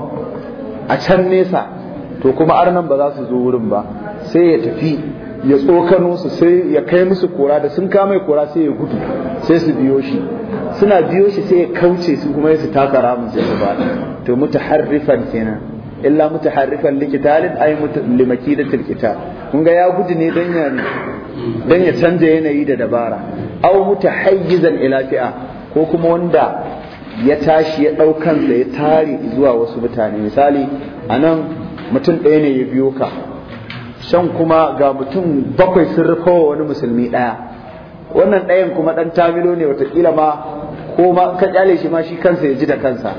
a can nesa to kuma arnan ba za su zo wurin ba sai ya tafi ya tsokano su sai ya kai musu kora da sun kama kora sai ya gudu sai su biyo shi suna biyo shi sai ya kauce su kuma su taka ramin sai su ba to mutaharrifan kenan illa mutaharrifan likitalin ay limakidatil likita. kun ga ya gudu ne dan ya dan ya canza yanayi da dabara aw mutahayyizan ila fi'a ko kuma wanda ya tashi ya daukan kansa ya tare zuwa wasu mutane misali anan mutum ɗaya ne ya biyo ka shan kuma ga mutum bakwai sun rufawa wani musulmi ɗaya wannan ɗayan kuma ɗan tamilo ne watakila ma ko ma ka ƙyale shi ma shi kansa ya ji da kansa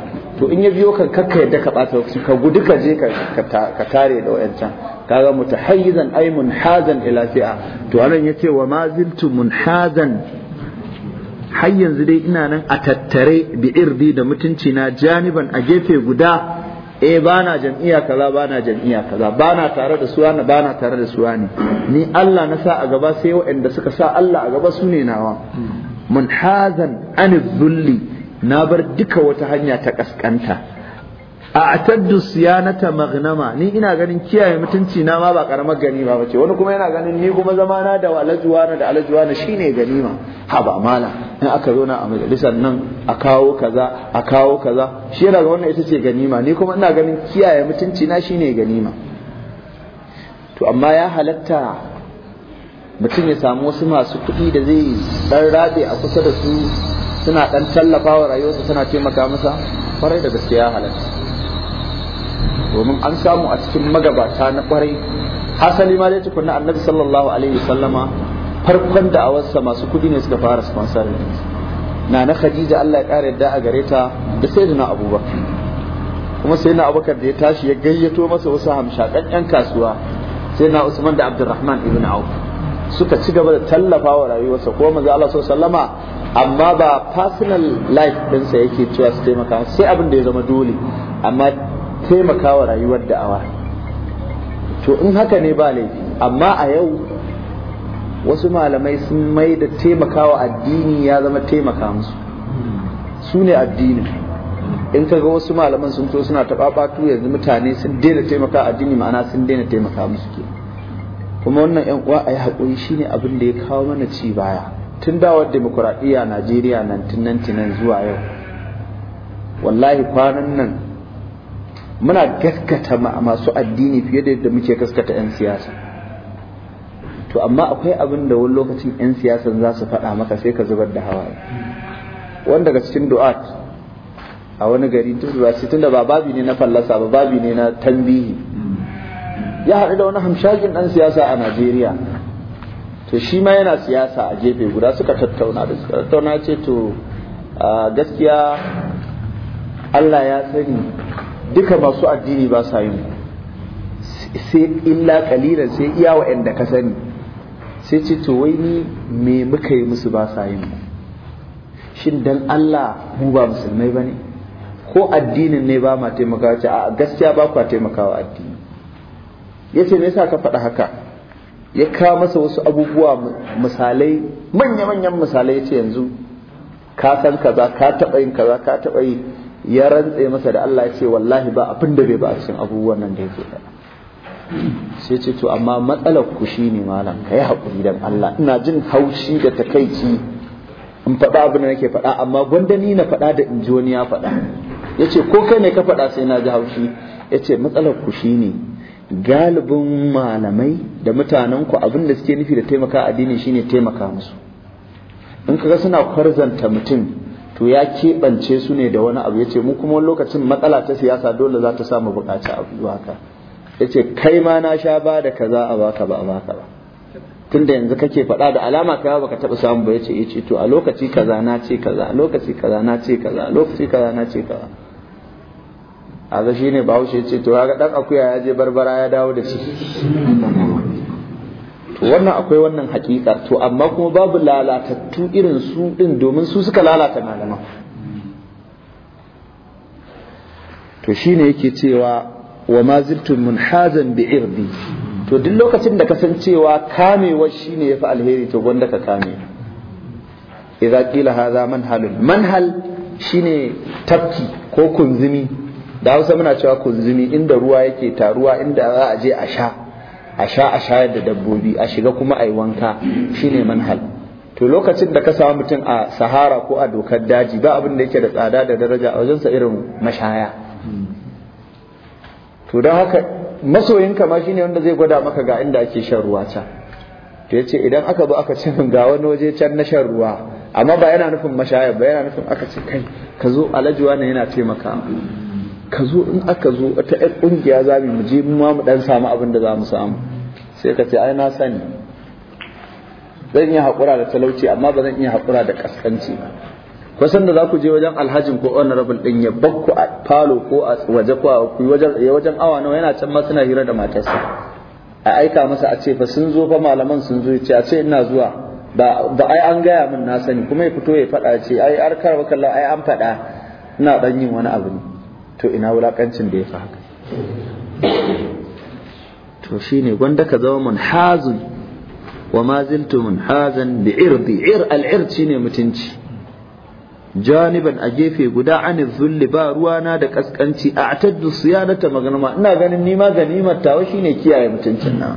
to in ya biyo ka kakka yadda ka ɓata lokaci ka gudu ka je ka tare da wayancan kaga mutahayyizan ay munhazan ila fi'a to anan yace wa ma ziltu munhazan har yanzu dai ina nan a tattare bi irdi da mutunci na janiban a gefe guda E eh, bana jam'iyya kaza bana jam'iyya kaza bana tare da suwa ne bana tare da suwa ne ni Allah na sa a gaba sai waɗanda suka sa Allah a gaba su ne nawa munhazan an zulli na bar duka wata hanya ta kaskanta a atadu siyanata magnama ni ina ganin kiyaye mutunci na ma ba karamar ganima bace wani kuma yana ganin ni kuma zama na da alajuwa na da alajuwa na shine ganima ha ba mala in aka zo na a majalisar nan a kawo kaza a kawo kaza shi yana ga wannan ita ce ganima ni kuma ina ganin kiyaye mutunci na shine ganima to amma ya halatta mutum ya samu wasu masu kuɗi da zai dan rabe a kusa da su suna dan tallafa wa rayuwarsa suna taimaka masa kwarai da gaske ya halatta domin an samu a cikin magabata na kwarai hasali ma dai tukuna annabi sallallahu alaihi wasallama farkon da'awarsa masu kudi ne suka fara sponsor na na khadija Allah ya kare yadda a gare ta da sayyidina abubakar kuma sayyidina abubakar da ya tashi ya gayyato masa wasu hamshakan yan kasuwa sayyidina usman da abdurrahman ibn auf suka ci gaba da tallafa wa rayuwarsa ko manzo Allah sallallahu alaihi wasallama amma ba personal life ɗinsa yake cewa su taimaka sai abin da ya zama dole amma taimakawa rayuwar da'awa to in haka ne ba laifi amma a yau wasu malamai sun mai da taimakawa addini ya zama taimaka musu su ne addini in kaga wasu malaman sun to suna taɓaɓatu yanzu mutane sun daina taimaka addini ma'ana sun daina taimaka musu ke kuma wannan yan uwa a yi haƙuri shine abin da ya kawo mana ci baya tun dawar demokuraɗiyya a najeriya 1999 zuwa yau wallahi kwanan nan muna gaskata masu addini fiye da yadda muke gaskata 'yan siyasa to amma akwai abin da wani lokacin 'yan siyasa za su faɗa maka sai ka zubar da hawaye Wanda daga cikin du'at a wani gari tun da ba babi ne na fallasa ba babi ne na tambihi ya haɗu da wani hamshakin ɗan siyasa a najeriya to shi ma yana siyasa a jefe guda suka tattauna da suka tattauna ce to gaskiya Allah ya sani duka masu addini ba sa yin sai illa kalilan sai iya wa'anda ka sani sai ce to wai ni me muka yi musu ba sa yin shin dan Allah mu ba musulmai ba ne ko addinin ne ba ma taimakawa ce a gaskiya ba kwa taimakawa addini yace me yasa ka faɗa haka ya kawo masa wasu abubuwa misalai manya-manyan misalai ce yanzu ka san kaza ka taɓa yin kaza ka taɓa yi ya rantse masa da Allah ya ce wallahi ba abin da bai ba a cikin abubuwan nan da yake faɗa sai ce to amma matsalar ku ne malam ka yi haƙuri don Allah ina jin haushi da takaici in faɗa abin da nake faɗa amma gwanda ni na faɗa da in ji wani ya faɗa yace ko kai ne ka faɗa sai na ji haushi yace matsalar ku ne. galibin malamai da mutanen ku abin da suke nufi da taimaka addini shine taimaka musu in kaga suna kwarzanta mutum to ya keɓance su ne da wani abu yace mu kuma wani lokacin matsala ta siyasa dole za ta samu buƙaci abu haka yace kai ma na sha ba da kaza a baka ba a baka ba tunda yanzu kake faɗa da alama kai baka taɓa samu ba yace yace to a lokaci kaza na ce kaza a lokaci kaza na ce kaza a lokaci kaza na ce kaza a ga shine bahaushe ce to ga dan akuya ya je barbara ya dawo da shi to wannan akwai wannan hakika to amma kuma babu lalatattu irin su ɗin domin su suka lalata malaman to shine yake cewa wa ma ziltum munhazan bi irdi to duk lokacin da cewa kamewa shine yafi alheri to gwanda ka kame idza qila hadha manhal manhal shine tafki ko kunzumi da hausa muna cewa kunzumi inda ruwa yake taruwa inda za a je a sha a sha a shayar da dabbobi a shiga kuma a yi wanka shine manhal to lokacin da ka samu mutum a sahara ko a dokar daji ba abin da yake da tsada da daraja a wajensa irin mashaya to don haka masoyinka ma shine wanda zai gwada maka ga inda ake shan ruwa can to yace idan aka zo aka ce ga wani waje can na shan ruwa amma ba yana nufin mashaya ba yana nufin aka ce kai ka zo alajuwa ne yana taimaka ka zo in aka zo ta yan ƙungiya za mu je mu mu dan samu abin da za mu samu sai ka ce ai na sani zan iya haƙura da talauci amma ba zan iya haƙura da ƙasƙanci ba san da za ku je wajen alhajin ko honorable din ya bakku a falo ko a waje ko ku wajen wajen awa nawa yana can ma suna hira da matarsa a aika masa a ce fa sun zo fa malaman sun zo ce a ce ina zuwa ba ai an gaya min na sani kuma ya fito ya faɗa ce ai arkar wakalla ai an faɗa ina ɗan yin wani abu ne to ina wulakancin da ya fi haka to shi ne gwanda ka zama munhazun wa ma ziltu munhazan bi irdi ir al'ir ne mutunci janiban a gefe guda an zulli ba ruwana da kaskanci a su ya nata maganama ina ganin nima ganimar tawa shine kiyaye mutuncin na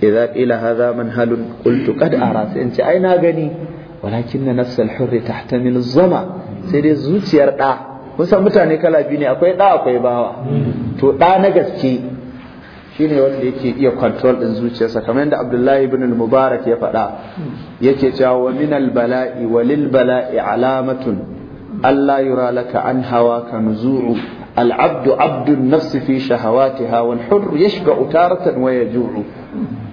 idza qila hadha manhalun qultu qad ara sai in ai na gani walakin nafsal hurri tahtamilu zama sai dai zuciyar da kun san mutane kala biyu ne akwai ɗa akwai bawa to ɗa na gaske shine wanda yake iya control din zuciyarsa kamar yadda Abdullahi ibn al-Mubarak ya faɗa yake cewa wa min al-bala'i wa lil bala'i alamatun Allah yura laka an ka nuzuru العبد عبد النفس في شهواتها والحر يشبع تارة ويجوع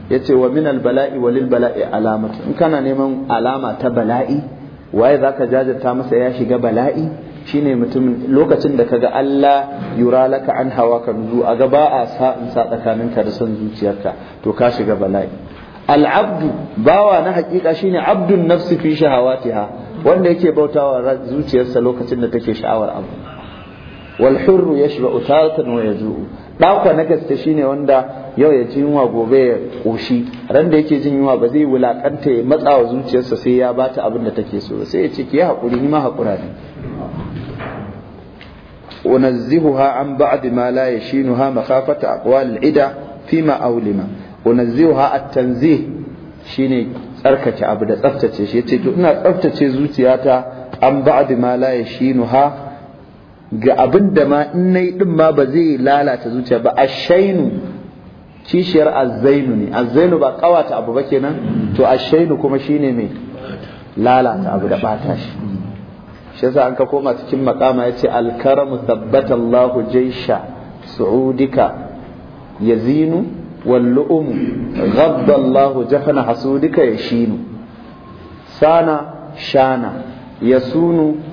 yace wa min albala'i wa lil bala'i alamatu kana neman alama ta bala'i waye zaka jajirta masa ya shiga bala'i shine mutum lokacin da kaga Allah yura laka an hawa ka nuzu a gaba a sa in sa tsakanin ka da son zuciyarka to ka shiga bala'i al'abdu bawa na hakika shine abdun nafsi fi shahawatiha wanda yake bautawa zuciyarsa lokacin da take sha'awar abu wal hurru yashba'u taratan wa yaju'u dakwa na gaske shine wanda yau ya ji yunwa gobe ya koshi ran da yake jin yunwa ba zai wulakanta ya matsa wa zuciyarsa sai ya bata abin da take so sai ya ce ki hakuri ni ma hakura ne unazzihuha an makafata a la yashinuha makhafata aqwal a ida fima awlima unazzihuha at-tanzih shine tsarkake abu da tsaftace shi yace to ina tsaftace zuciyata an ba'd ma la yashinuha ga abin da ma in nayi din ma ba zai lalata zuciya ba ashainu kishiyar azzainu ne azzainu ba kawata abu ba kenan to ashainu kuma shine mai lalata abu da bata shi shi yasa an ka koma cikin makama yace alkaramu thabbata Allahu jaysha su'udika yazinu wal lu'um ghadda Allahu jahana hasudika yashinu sana shana yasunu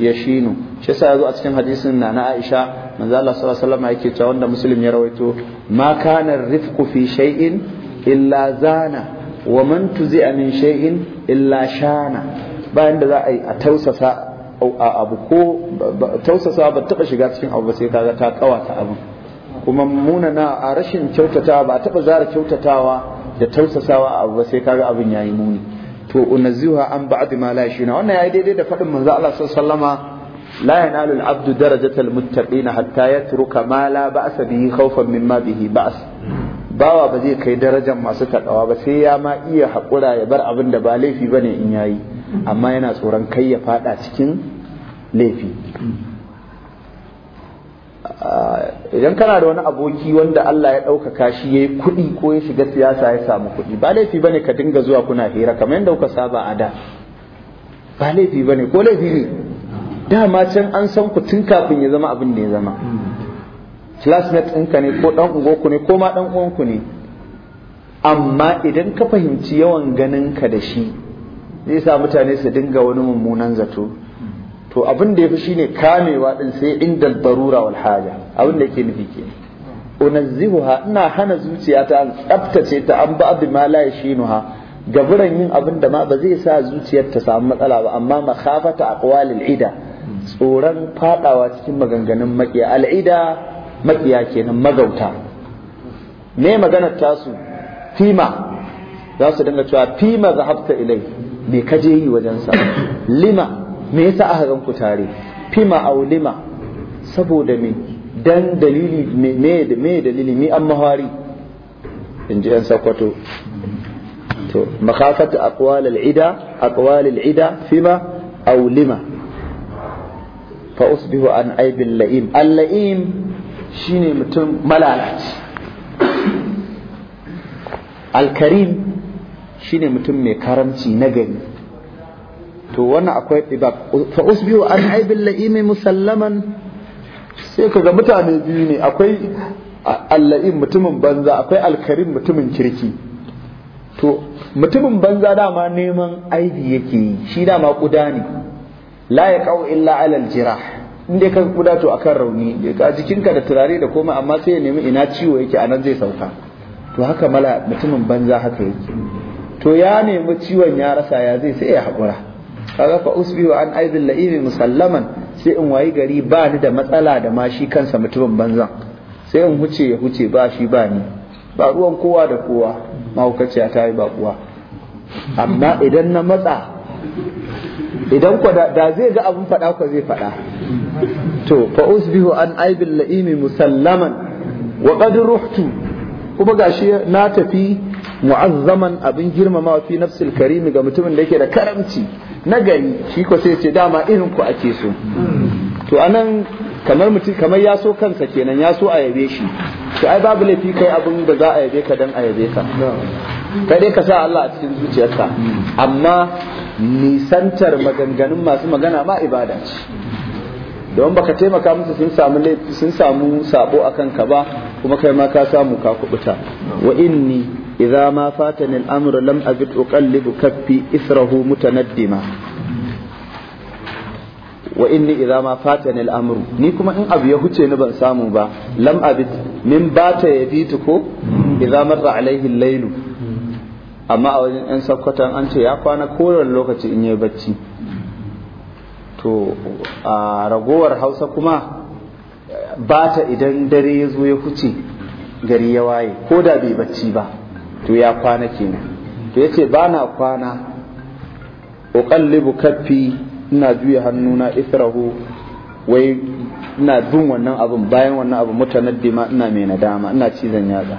yashinu shi yasa yazo a cikin hadisin na Aisha manzo Allah sallallahu alaihi wasallam yake cewa wanda muslim ya rawaito ma kana rifqu fi shay'in illa zana wa man tuzi'a min shay'in illa shana bayan da za a yi a tausasa a abu ko tausasa ba taɓa shiga cikin abu ba sai kaga ta ta abin kuma munana a rashin kyautatawa ba a taɓa zara kyautatawa da tausasawa a abu ba sai kaga abin yayi muni to unazziha an ba'd ma la yashuna wannan yayi daidai da fadin manzo Allah sallallahu alaihi لا ينال العبد درجة المتقين حتى يترك ما لا بأس به خوفا مما به بأس bawa ba zai kai darajar masu taɗawa ba sai ya ma iya haƙura ya bar abin da ba laifi ba ne in yayi amma yana tsoron kai ya fada cikin laifi idan kana da wani aboki wanda Allah ya ɗaukaka shi ya yi kuɗi ko ya shiga siyasa ya samu kuɗi ba laifi bane ka dinga zuwa kuna hira kamar yadda kuka saba a da ba laifi bane ko laifi ne dama can an san ku tun kafin ya zama abin da ya zama classmate ɗinka ne ko ɗan ku ne ko ma ɗan uwanku ne amma idan ka fahimci yawan ganin ka da shi zai sa mutane su dinga wani mummunan zato to abin da ya yafi shine kamewa din sai inda darura wal haja abin da yake nufi ke unazzihuha ina hana zuciya ta tsaftace ta an ba bi ma la yashinuha gaburan yin abin da ma ba zai sa zuciyar ta samu matsala ba amma makhafata aqwalil ida tsoron fadawa cikin maganganun makiya al'ida makiya kenan magauta me maganar tasu fima za su dinga cewa fima zahabta ilai me kaje yi wajen sa. lima me yasa aka ganku tare fima au lima saboda me dan dalili me me dalili mi an mahari in ji 'yan sakwato to makafata aqwal al-ida aqwal al-ida fima au lima fa usbihu an aibil la'im al-la'im shine mutum malalaci al-karim shine mutum mai karamci na gani to wannan akwai ibab fa usbihu an aibil la'im musallaman sai kaga mutane biyu ne akwai alla'im mutumin banza akwai alkarim mutumin kirki to mutumin banza dama neman aibi yake yi shi dama kuda ne la ya illa alal jirah inda ka kuda to akan rauni a jikinka da turare da komai amma sai ya nemi ina ciwo yake anan zai sauka to haka mala mutumin banza haka yake to ya nemi ciwon ya rasa ya zai sai ya haƙura kaga fa usbihu an aibin la'ibi musallaman sai in wayi gari ba ni da matsala da ma shi kansa mutumin banzan sai in huce ya huce ba shi ba ni ba ruwan kowa da kowa mahaukaciya ta yi ba kuwa amma idan na matsa idan ku da zai ga abin faɗa ku zai faɗa to fa usbihu an aibin la'imi musallaman wa qad ruhtu kuma gashi na tafi mu'azzaman abin girmama fi nafsil karimi ga mutumin da yake da karamci na gari shi ko sai ce dama irin ku ake so to anan kamar mutum kamar ya so kansa kenan ya so a yabe shi to ai babu laifi kai abin da za a yabe ka dan a yabe ka kai dai ka sa Allah a cikin zuciyarka amma nisantar maganganun masu magana ma ibada ce don baka taimaka musu sun samu sun samu sabo akan ka ba kuma kai ma ka samu ka kubuta wa inni idza ma fatani al-amru lam abid uqallibu kaffi israhu mutanaddima wa inni idza ma fatani amru ni kuma in abu ya huce ni ban samu ba lam abid min bata yabitu ko idza marra alaihi al-lailu amma a wajen yan sakkwatan an ce ya kwana koren lokaci in yi bacci to a ragowar hausa kuma bata idan dare ya zo ya huce gari ya waye ko da bai bacci ba to ya kwana kenan to yace ba na kwana uqallibu kaffi ina juya hannuna israhu wai ina bin wannan abun bayan wannan abun mutanaddi ma ina mai nadama ina cizon yatsa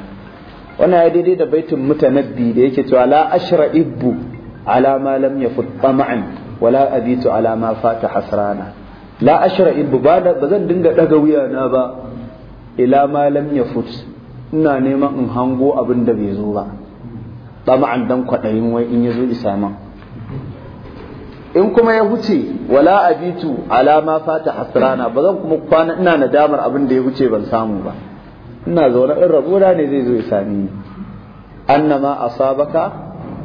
wannan ya daidai da baitin mutanaddi da yake cewa la ashra ibbu ala ma lam yafut tama'an wala abitu ala ma fata hasrana la ashra ibbu ba zan dinga daga wuya na ba ila ma lam yafut ina neman in hango abin da bai zo ba tsama'an dan kwaɗayin wai in ya zo man. in kuma ya huce wala abitu alama fata hasrana ba zan kuma kwana ina nadamar abin da ya huce ban samu ba ina zaune in da ne zai zo ya sami ni annama asabaka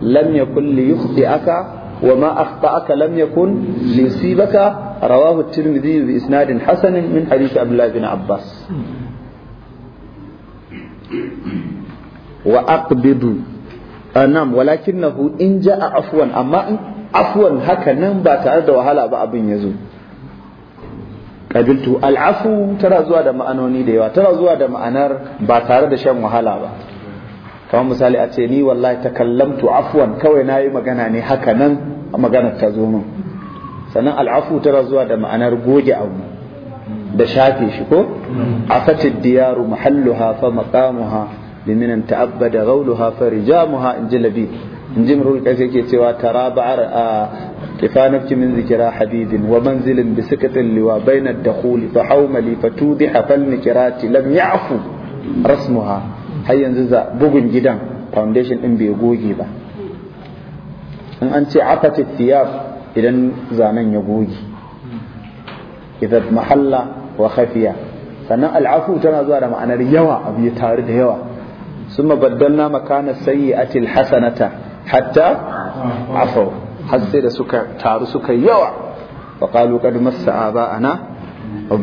lam yakun li yukhti'aka wa ma akhta'aka lam yakun li yusibaka rawahu at-tirmidhi bi isnadin hasanin min hadith abdullah bin abbas wa aqbidu anam ah, walakinahu in ja'a afwan amma in afwan haka nan ba tare da wahala ba abin yazo qabiltu al'afu tara zuwa da ma'anoni da yawa tana zuwa da ma'anar ba tare da shan wahala ba kamar misali a ce ni wallahi takallamtu afwan kawai nayi magana ne haka nan maganar ta zo min sannan al'afu tana zuwa da ma'anar goge abu da shafe shi ko asatid diyaru mahalluha fa maqamuha liminan ta'abbada ghawluha fa rijamuha in ji labi in ji murul kai yake cewa tara ba'ar a kifanafki min zikira habibin wa manzilin bi sikatin liwa bainar dakhuli fa haumali fa tudiha fal nikirati lam ya'fu rasmuha har yanzu za bugun gidan foundation din bai goge ba in an ce afatit thiyab idan zanen ya goge idan mahalla wa khafiya sannan al'afu tana zuwa da ma'anar yawa abu ya da yawa sun baddalna makana sayyi'atil hasanata hatta afaw har sai da suka taru suka yawa wa qalu qad massa aba'ana ad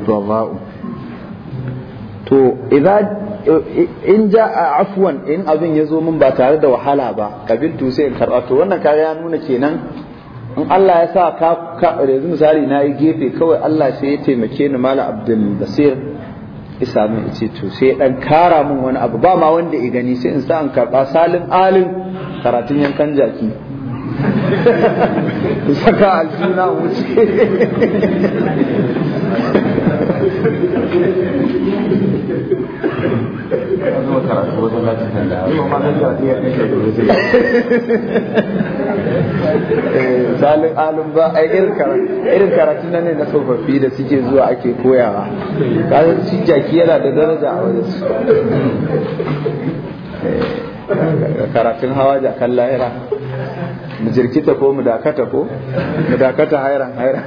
to idza in ja afwan in abin ya zo min ba tare da wahala ba kabiltu sai in karɓa to wannan kare ya nuna kenan in Allah ya sa ka ka yanzu misali na yi gefe kawai Allah sai ya taimake ni mala Abdul Basir isa min ce to sai dan kara min wani abu ba ma wanda ya gani sai in sa an karba salin alin karatun yankan jaki saka aljuna wuce salin alim ba a irin karatun nan ne na tsofaffi da suke zuwa ake koyawa kayan shi jaki yana da daraja a wajen su karatun hawa jakan lahira mu jirkita ko mu dakata ko mu dakata hairan hairan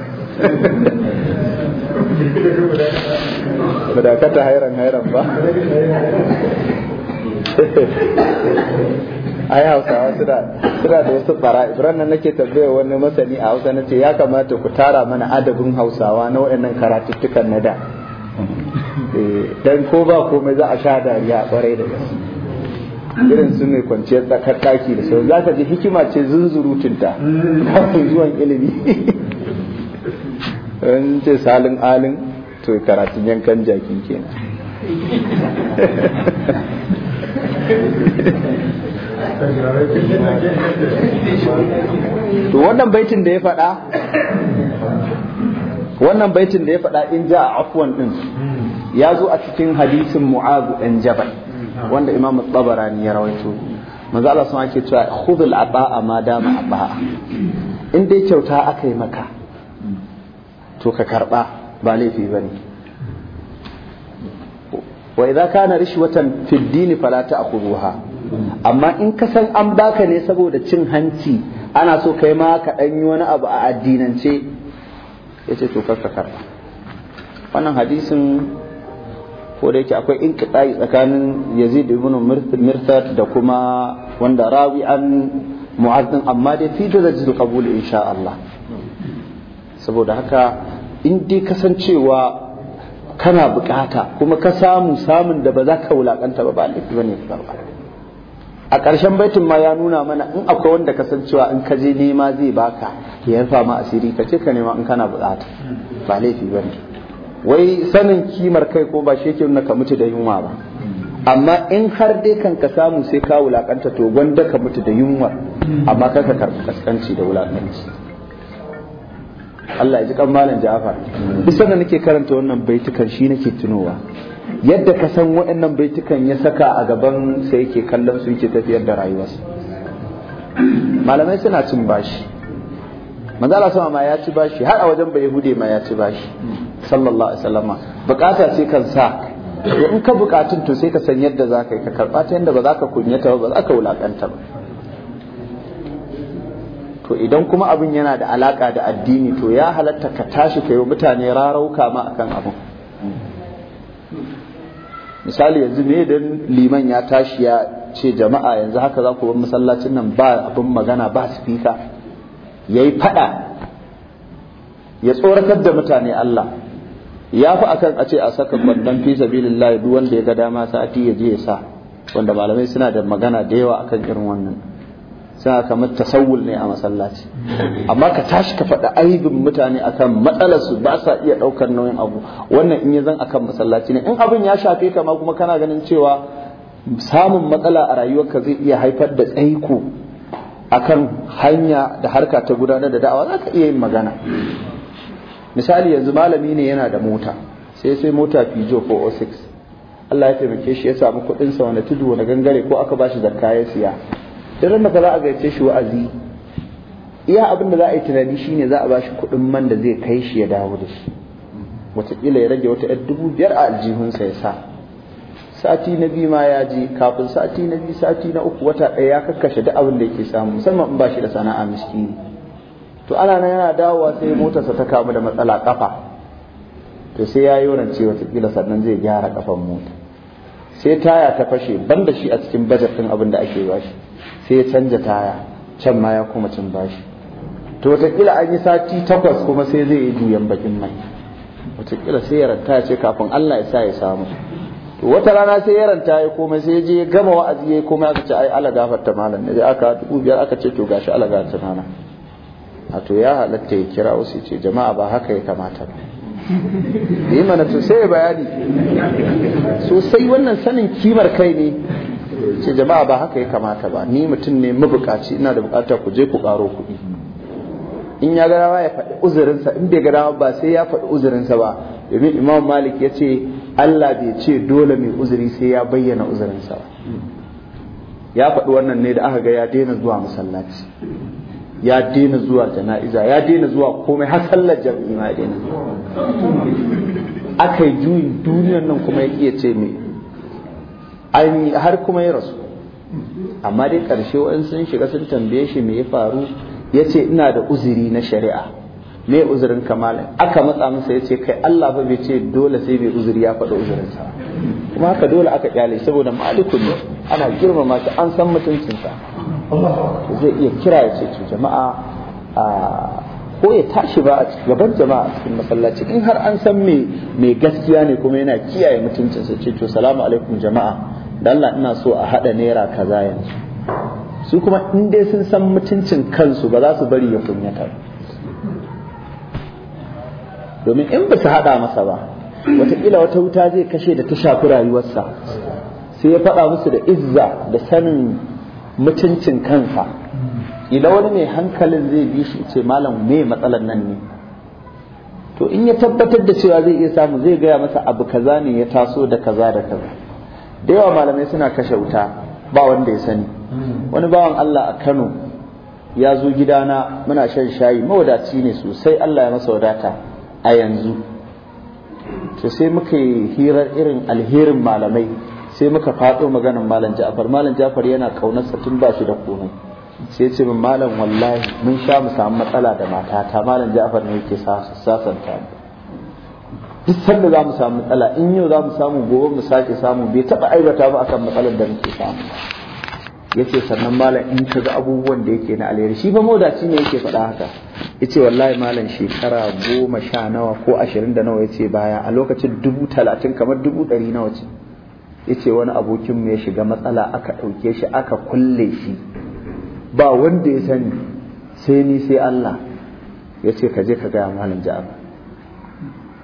ba dakata hairan hairan ba ai hausawa suna da wasu fara'i ibran nan nake tambaya wani masani a hausa nace ya kamata ku tara mana adabin hausawa na waɗannan karatuttukan na da eh, dan ko ba komai za a sha dariya kwarai da gaske irin su mai kwanciyar tsakar daki da sauran za ka ji hikima ce zunzurutunta zuwan ilimi wani ce salin alin to karatun yankan jakin kenan to wannan baitin da ya faɗa wannan baitin da ya faɗa in ja afwan din ya zo a cikin hadisin mu'azu ɗan jabal wanda imam tsabarani ya rawaito manzo Allah sun ake cewa khudhul ata'a ma dama ata'a in dai kyauta aka yi maka to ka karba ba laifi bane wa idza kana rishwatan fid din fala ta'khuduha amma in ka san an baka ne saboda cin hanci ana so kai ma ka dan wani abu a addinance yace to ka karba wannan hadisin ko da yake akwai inqita'i tsakanin Yazid ibn Mirsad da kuma wanda rawi an mu'azzin amma dai fi darajil qabul insha Allah saboda haka in dai kasancewa kana bukata kuma ka samu samun da ba za ka wulakanta ba ba laifi bane ba. a ƙarshen baitin ma ya nuna mana in akwai wanda kasancewa in ka je nema zai baka ya yarfa ma asiri ka ce ka nema in kana bukata ba laifi bane wai sanin kimar kai ko ba shi yake nuna ka mutu da yunwa ba amma in har dai kan ka samu sai ka wulakanta to gwanda ka mutu da yunwa amma kanka ka kaskanci da wulakanci Allah ya ji kan malam Ja'far duk sanda nake karanta wannan baitukan shi nake tunowa yadda ka san waɗannan baitukan ya saka a gaban sai yake kallon su yake tafiyar da rayuwarsa malamai suna cin bashi manzo Allah sama ma ya ci bashi har a wajen hude ma ya ci bashi sallallahu alaihi wasallama bukata ce kan sa in ka bukatun to sai ka san yadda zaka yi ka karba ta yadda ba za ka kunyata ba ba za ka wulakanta ba to idan kuma abin yana da alaka da addini to ya halatta ka tashi ka yi mutane rarauka ma akan abin misali yanzu ne dan liman ya tashi ya ce jama'a yanzu haka za ku bar masallacin nan ba abin magana ba spika ya yi fada ya tsoratar da mutane Allah ya fi akan a ce a saka kwandon fi sabilillah duk wanda ya ga dama sati ya je ya sa wanda malamai suna da magana da yawa akan irin wannan sai kamar tasawul ne a masallaci amma ka tashi ka faɗi aibin mutane akan matsalar su ba sa iya ɗaukar nauyin abu wannan in ya zan akan masallaci ne in abin ya shafe ka ma kuma kana ganin cewa samun matsala a rayuwar ka zai iya haifar da tsaiko akan hanya da harka ta gudanar da da'awa za ka iya yin magana misali yanzu malami ne yana da mota sai sai mota pijo 406 Allah ya taimake shi ya samu kuɗinsa wani tudu wani gangare ko aka ba shi zakka ya siya irin da za a gaice shi wa'azi iya abin da za a yi tunani shine za a ba shi kuɗin man da zai kai shi ya dawo da shi wataƙila ya rage wata 'yar dubu biyar a aljihunsa ya sa sati na biyu ma ya je, kafin sati na biyu sati na uku wata ɗaya ya kakkashe duk abin da yake samu musamman in ba shi da sana'a miskini to ana nan yana dawowa sai motarsa ta kamu da matsala kafa to sai ya yi wannan ce watakila sannan zai gyara kafan mota sai taya ta fashe ban da shi a cikin bajet ɗin abin da ake ba shi sai ya canja taya can ma ya kuma cin bashi to watakila an yi sati takwas kuma sai zai yi juyan bakin mai watakila sai ya ranta ce kafin Allah ya sa ya samu to wata rana sai ya ranta ya komai sai ya je gama wa'azi ya komai aka ce ai ala gafarta malam ne aka aka ce to gashi gafarta malam a to ya halatta ya kira wasu ce jama'a ba haka ya kamata ba yi mana to sai bayani sosai wannan sanin kimar kai ne ce jama'a ba haka ya kamata ba ni mutum ne mabukaci ina da bukata ku je ku karo kuɗi in ya gara ya faɗi uzurinsa in bai rawa ba sai ya faɗi uzurinsa ba domin imam malik ya ce allah bai ce dole mai uzuri sai ya bayyana uzurinsa ba ya faɗi wannan ne da aka ga ya daina zuwa masallaci ya daina zuwa jana'iza ya daina zuwa komai har sallar jami'i ma ya daina aka yi juyin duniyar nan kuma ya ce mai an har kuma ya rasu amma dai ƙarshe wa'in sun shiga sun tambaye shi me ya faru ya ce ina da uzuri na shari'a me uzurin kamalin aka matsa masa ya ce kai Allah ba bai ce dole sai mai uzuri ya faɗa uzurinsa kuma haka dole aka kyale saboda malikun ne ana girmama shi an san mutuncinsa zai iya kira ya ce jama'a ko ya tashi ba a gaban jama'a cikin masallaci in har an san me gaskiya ne kuma yana kiyaye mutuncinsa ce to salamu alaikum jama'a Allah ina so a haɗa naira kaza yanzu su kuma in dai sun san mutuncin kansu ba za su bari ya kunyata domin in ba su haɗa masa ba wataƙila wata wuta zai kashe da ta shafi rayuwarsa sai ya faɗa musu da izza da sanin mutuncin kansa idan wani mai hankalin zai bi shi ce malam me matsalar nan ne to in ya tabbatar da cewa zai iya samu zai gaya masa abu kaza ne ya taso da kaza da kaza da yawa malamai suna kashe wuta ba wanda ya sani wani bawan Allah a Kano ya zo gidana muna shan shayi mawadaci ne sosai Allah ya masa wadata a yanzu to sai muka yi hirar irin alherin malamai sai muka faɗo maganar malam Ja'far malam Ja'far yana kaunarsa tun ba shi da komai sai ce min malam wallahi mun sha mu samu matsala da matata malam Ja'far ne yake sasanta ni duk sanda za mu samu matsala in yau za mu samu gobe mu sake samu bai taɓa aibata ba akan matsalar da muke samu yace sannan malam in ka ga abubuwan da yake na alheri shi ba modaci ne yake faɗa haka yace wallahi malam shekara goma sha nawa ko ashirin da nawa yace baya a lokacin dubu talatin kamar dubu ɗari nawa ce yace wani abokin mu ya shiga matsala aka ɗauke shi aka kulle shi ba wanda ya sani sai ni sai Allah yace ka je ka gaya malam ja'aba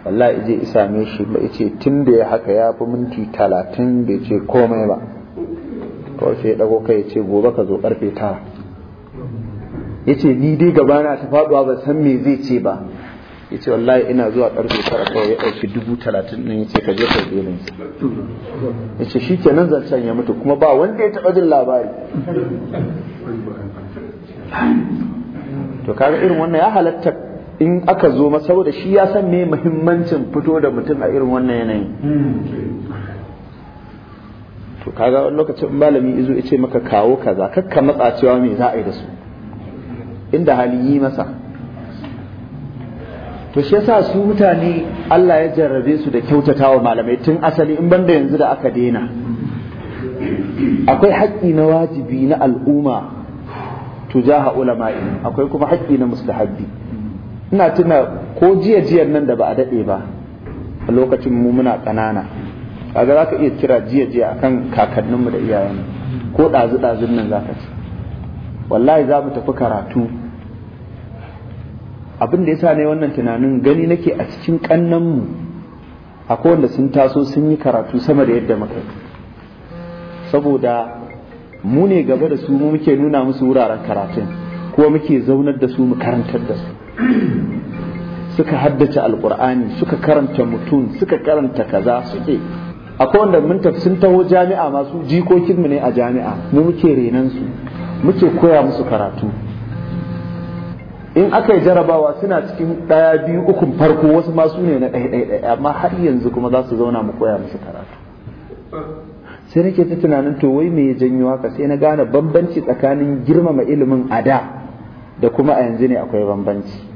wallahi je same shi ba ce tun da ya haka ya fi minti talatin bai ce komai ba kawai sai ya ɗago kai ya ce gobe ka zo karfe tara ya ni dai gaba na ta faɗuwa ba san me zai ce ba ya wallahi ina zuwa karfe tara kawai ya ɗauki dubu talatin ɗin ya ce ka je ka belin ya ce shi kenan zancen ya mutu kuma ba wanda ya taɓa jin labari to kaga irin wannan ya halatta in aka zo masa saboda shi ya san me muhimmancin fito da mutum a irin wannan yanayin to kaga wani lokacin malami izo ya ce maka kawo kaza kakka matsa cewa me za a yi da su inda hali yi masa to shi yasa su mutane Allah ya jarrabe su da kyautatawa malamai tun asali in banda yanzu da aka daina akwai haƙƙi na wajibi na al'umma to tujaha ulama'i akwai kuma haƙƙi na mustahabbi ina tuna ko jiya jiyan nan da ba a daɗe ba a lokacin mu muna ƙanana kaga za ka iya kira jiya jiya akan kakanninmu da iyayen ko ɗazu ɗazun nan za ka ci wallahi za mu tafi karatu abin da ya sa ne wannan tunanin gani nake a cikin ƙannanmu akwai wanda sun taso sun yi karatu sama da yadda muka saboda mu ne gaba da su mu muke nuna musu wuraren karatun ko muke zaunar da su mu karantar da su suka haddace alkur'ani suka karanta mutum suka karanta kaza suke akwai wanda mun tafi sun taho jami'a masu jikokinmu ne a jami'a mu muke renan su muke koya musu karatu in aka yi jarabawa suna cikin ɗaya biyu ukun farko wasu masu ne na ɗaya amma har yanzu kuma za su zauna mu koya musu karatu sai nake ta tunanin to wai me ya janyo haka sai na gane bambanci tsakanin girmama ilimin a da da kuma a yanzu ne akwai bambanci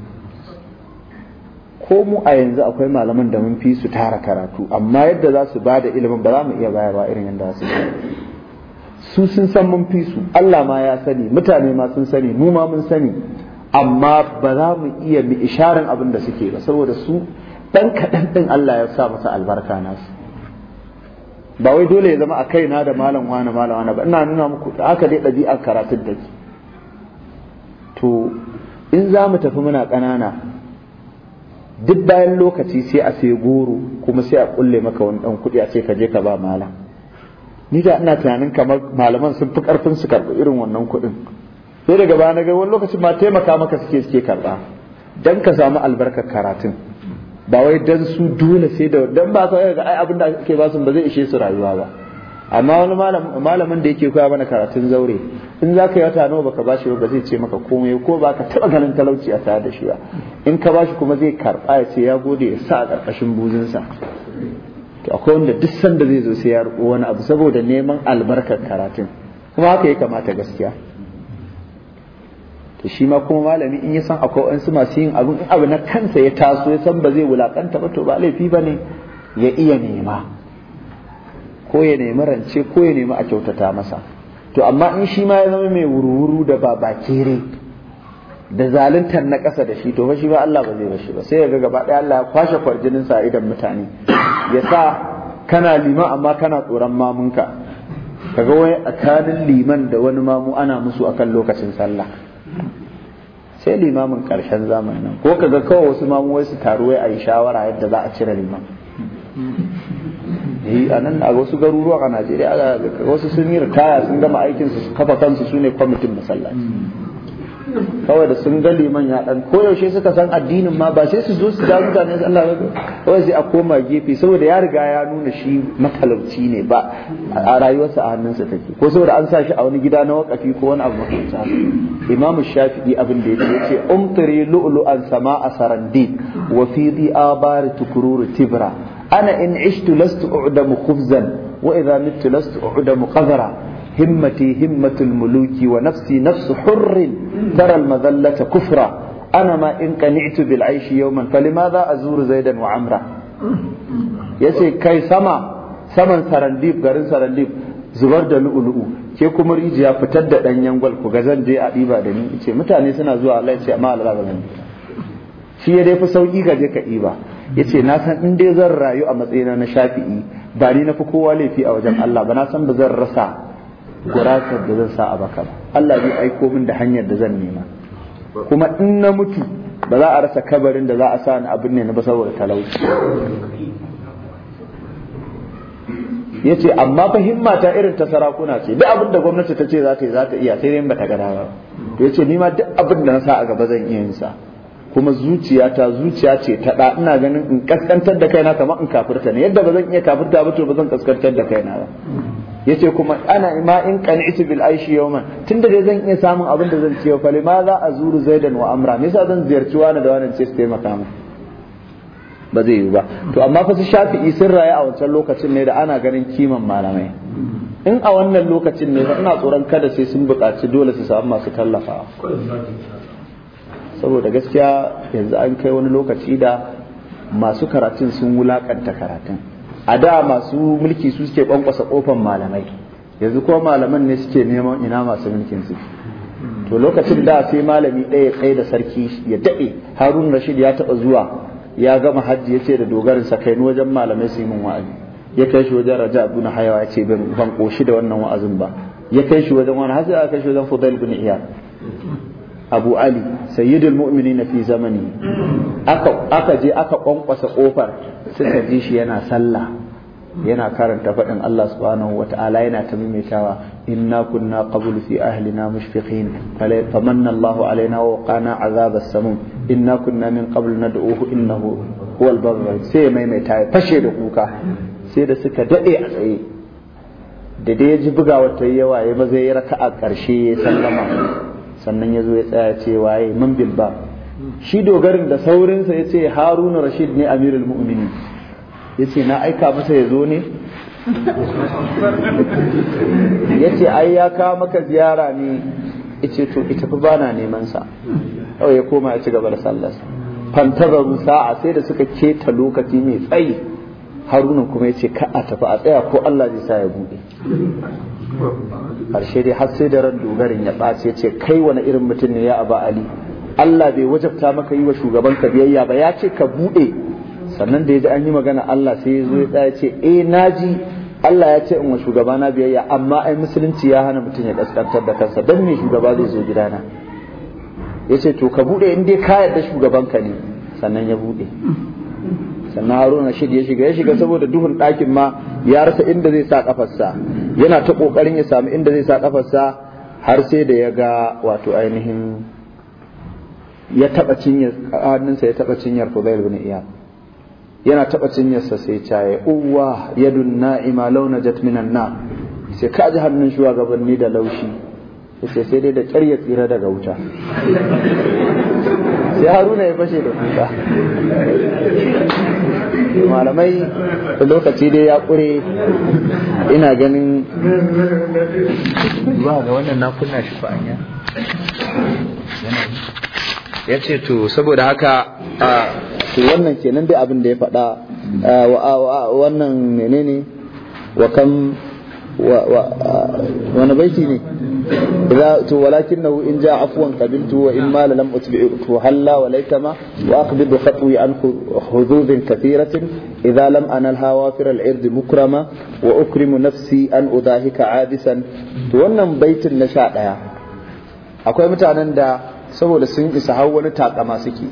ko mu a yanzu akwai malaman da mun fi su tara karatu amma yadda za su bada ilimin ba za mu iya bayarwa irin yadda su su sun san mun fi su Allah ma ya sani mutane ma sun sani mu ma mun sani amma ba za mu iya mu isharin abin da suke ba saboda su dan kaɗan ɗin Allah ya sa masa albarka nasu ba wai dole ya zama a na da malam wani malam wani ba ina nuna muku haka dai ɗabi'ar karatun ke. to in za mu tafi muna ƙanana duk bayan lokaci sai a sai goro kuma sai a kulle maka wani dan kuɗi a sai ka je ka ba malam ni da ina tunanin kamar malaman sun fi karfin su karɓi irin wannan kuɗin sai daga baya na ga wani lokacin ma taimaka maka suke suke karɓa dan ka samu albarkar karatun ba wai dan su dole sai da dan ba ka ga ai abin da ake ba su ba zai ishe su rayuwa ba amma wani malamin da yake koya mana karatun zaure in za ka yi wata nawa baka ba shi ba zai ce maka komai ko ba ka taɓa ganin talauci a tare da shi ba in ka bashi kuma zai karɓa ya ce ya gode ya sa a ƙarƙashin buzinsa akwai wanda duk sanda zai zo sai ya riƙo wani abu saboda neman albarkar karatun kuma haka ya kamata gaskiya to shi ma kuma malami in ya san akwai wa'ansu masu yin abu in abu na kansa ya taso ya san ba zai wulaƙanta ba to ba laifi ba ne ya iya nema ko ya nemi rance ko ya nemi a kyautata masa to amma in shi ma ya zama mai wurwuru da babakere da zaluntar na ƙasa da shi to fa shi ba Allah ba zai shi ba sai ya ga gaba ɗaya Allah ya kwashe kwarjinin sa idan mutane ya sa kana liman amma kana tsoron mamunka kaga wai kanin liman da wani mamu ana musu akan lokacin sallah sai limamin ƙarshen zamanin ko kaga kawai wasu mamu wai su taru wai a yi shawara yadda za a cire liman eh a nan a wasu garuruwa a Najeriya a wasu sun yi ritaya sun gama aikin su kafa kansu sune kwamitin masallaci kawai da sun ga liman ya dan koyaushe suka san addinin ma ba sai su zo su ga mutane su Allah kawai sai a koma gefe saboda ya riga ya nuna shi matalauci ne ba a rayuwarsa a hannunsa take ko saboda an sa shi a wani gida na wakafi ko wani abu makamta imamu shafi'i abin da yake yace umtiri lu'lu'an sama'a sarandi wa fi di abari tukururu tibra ana in ishtu lastu u'damu khubzan wa idha mittu lastu u'damu qadhara himmati himmatul muluki wa nafsi nafsu hurrin tara al kufra ana ma in qani'tu bil aishi yawman falimadha azuru zaidan wa amra yace kai sama saman sarandib garin sarandib zubar da lu'ulu'u ke kuma rijiya fitar da ɗanyen gwal ku ga zan je a ɗiba da ni ce mutane suna zuwa Allah ya amma Allah ba gani shi ya dai fi sauki ga je ka ɗiba yace na san in zan rayu a matsayina na shafi'i ba ni fi kowa laifi a wajen Allah ba na san ba zan rasa gurasar da zan sa a baka ba Allah zai aiko min da hanyar da zan nema kuma in na mutu ba za a rasa kabarin da za a sa ni abin ne na ba saboda talauci ya ce amma fa himma ta irin ta sarakuna ce duk abin da gwamnati ta ce za ta yi za ta iya sai dai ba ta gada ba ya ce ni ma duk abin da na sa a gaba zan iya yin sa kuma zuciya ta zuciya ce ta da ina ganin in kaskantar da kaina kamar in kafirta ne yadda ba zan iya kafirta ba to ba zan kaskantar da kaina ba yace kuma ana ma in qani'tu bil aishi yawman tunda dai zan iya samun abin da zan ciyo fa ma za a zuru zaidan wa amra me yasa zan ziyarci wani da wani ce su taimaka mu ba zai yi ba to amma fa su shafi'i sun raye a wancan lokacin ne da ana ganin kiman malamai in a wannan lokacin ne ina tsoron kada sai sun buƙaci dole su samu masu tallafa. saboda gaskiya yanzu an kai wani lokaci da masu karatun sun wulakanta karatun a da masu mulki su suke kwankwasa kofan malamai yanzu kuma malaman ne suke neman ina masu mulkin su to lokacin da sai malami ɗaya tsaye da sarki ya daɗe harun rashid ya taɓa zuwa ya gama hajji ya ce da dogarin sa kai wajen malamai su yi min wa'azi ya kai shi wajen raja abu na hayawa ya ce ban koshi da wannan wa'azin ba ya kai shi wajen wani hajji aka kai shi wajen fudail bin iyad abu ali sayyidul mu'minin fi zamani aka aka je aka kwankwasa kofar suka ji shi yana sallah yana karanta faɗin Allah subhanahu wata'ala yana ta maimaitawa inna kunna qablu fi ahlina mushfiqin tamanna Allahu alaina wa qana azab as-samum inna kunna min qablu nad'uhu innahu huwal barr sai maimaita ya fashe da kuka sai da suka dade a tsaye da dai ya ji bugawa ta yawa ya maza ya raka'a karshe ya sallama sannan ya zo ya tsaya ce waye man bilba shi dogarin da saurinsa ya ce haruna rashid ne amirul mu'minin ya ce na aika masa ya zo ne ya ce ai ya ka maka ziyara ne ya to ita fi bana neman sa kawai ya koma ya ci gaba da sallarsa fantazaru sa'a sai da suka keta lokaci mai tsayi haruna kuma ya ce ka a tafi a tsaya ko Allah zai sa ya buɗe karshe dai har sai da ran dogarin ya ɓace ce kai wani irin mutum ne ya aba ali Allah bai wajabta maka yi wa shugaban ka biyayya ba ya ce ka buɗe sannan da ya ji an yi magana Allah sai ya zo ya tsaya ce eh naji Allah ya ce in wa shugabana biyayya amma ai musulunci ya hana mutum ya kaskantar da kansa dan me shugaba zai zo gidana ya ce to ka buɗe in dai ka yarda shugaban ka ne sannan ya buɗe sannan haruna shid ya shiga ya shiga saboda duhun ɗakin ma ya rasa inda zai sa kafarsa yana ta ƙoƙarin ya sami inda zai sa kafarsa har sai da ya ga wato ainihin ya taɓa cinyar hannunsa ya taɓa cinyar fudail bin iyad yana taɓa cinyarsa sai caye uwa yadun na'ima launa jatminan na sai ka ji hannun shugabanni da laushi sai sai dai da ƙyar ya tsira daga wuta sai haruna ya fashe da kuka malamai lokaci dai ya kure ina ganin ba ga wannan na kunna shi fa anya ya ce to saboda haka wannan kenan dai abin da ya faɗa wannan menene wa kam Uh, wani baiti ne za to walakin na in ja afuwan kabiltu wa in mala lam utbi to halla wa laita ma wa an hudubin kathiratin idha lam an al hawafir al ird wa ukrimu nafsi an udahika adisan to wannan baitin na sha ɗaya. akwai mutanen da saboda sun isa har wani takama suke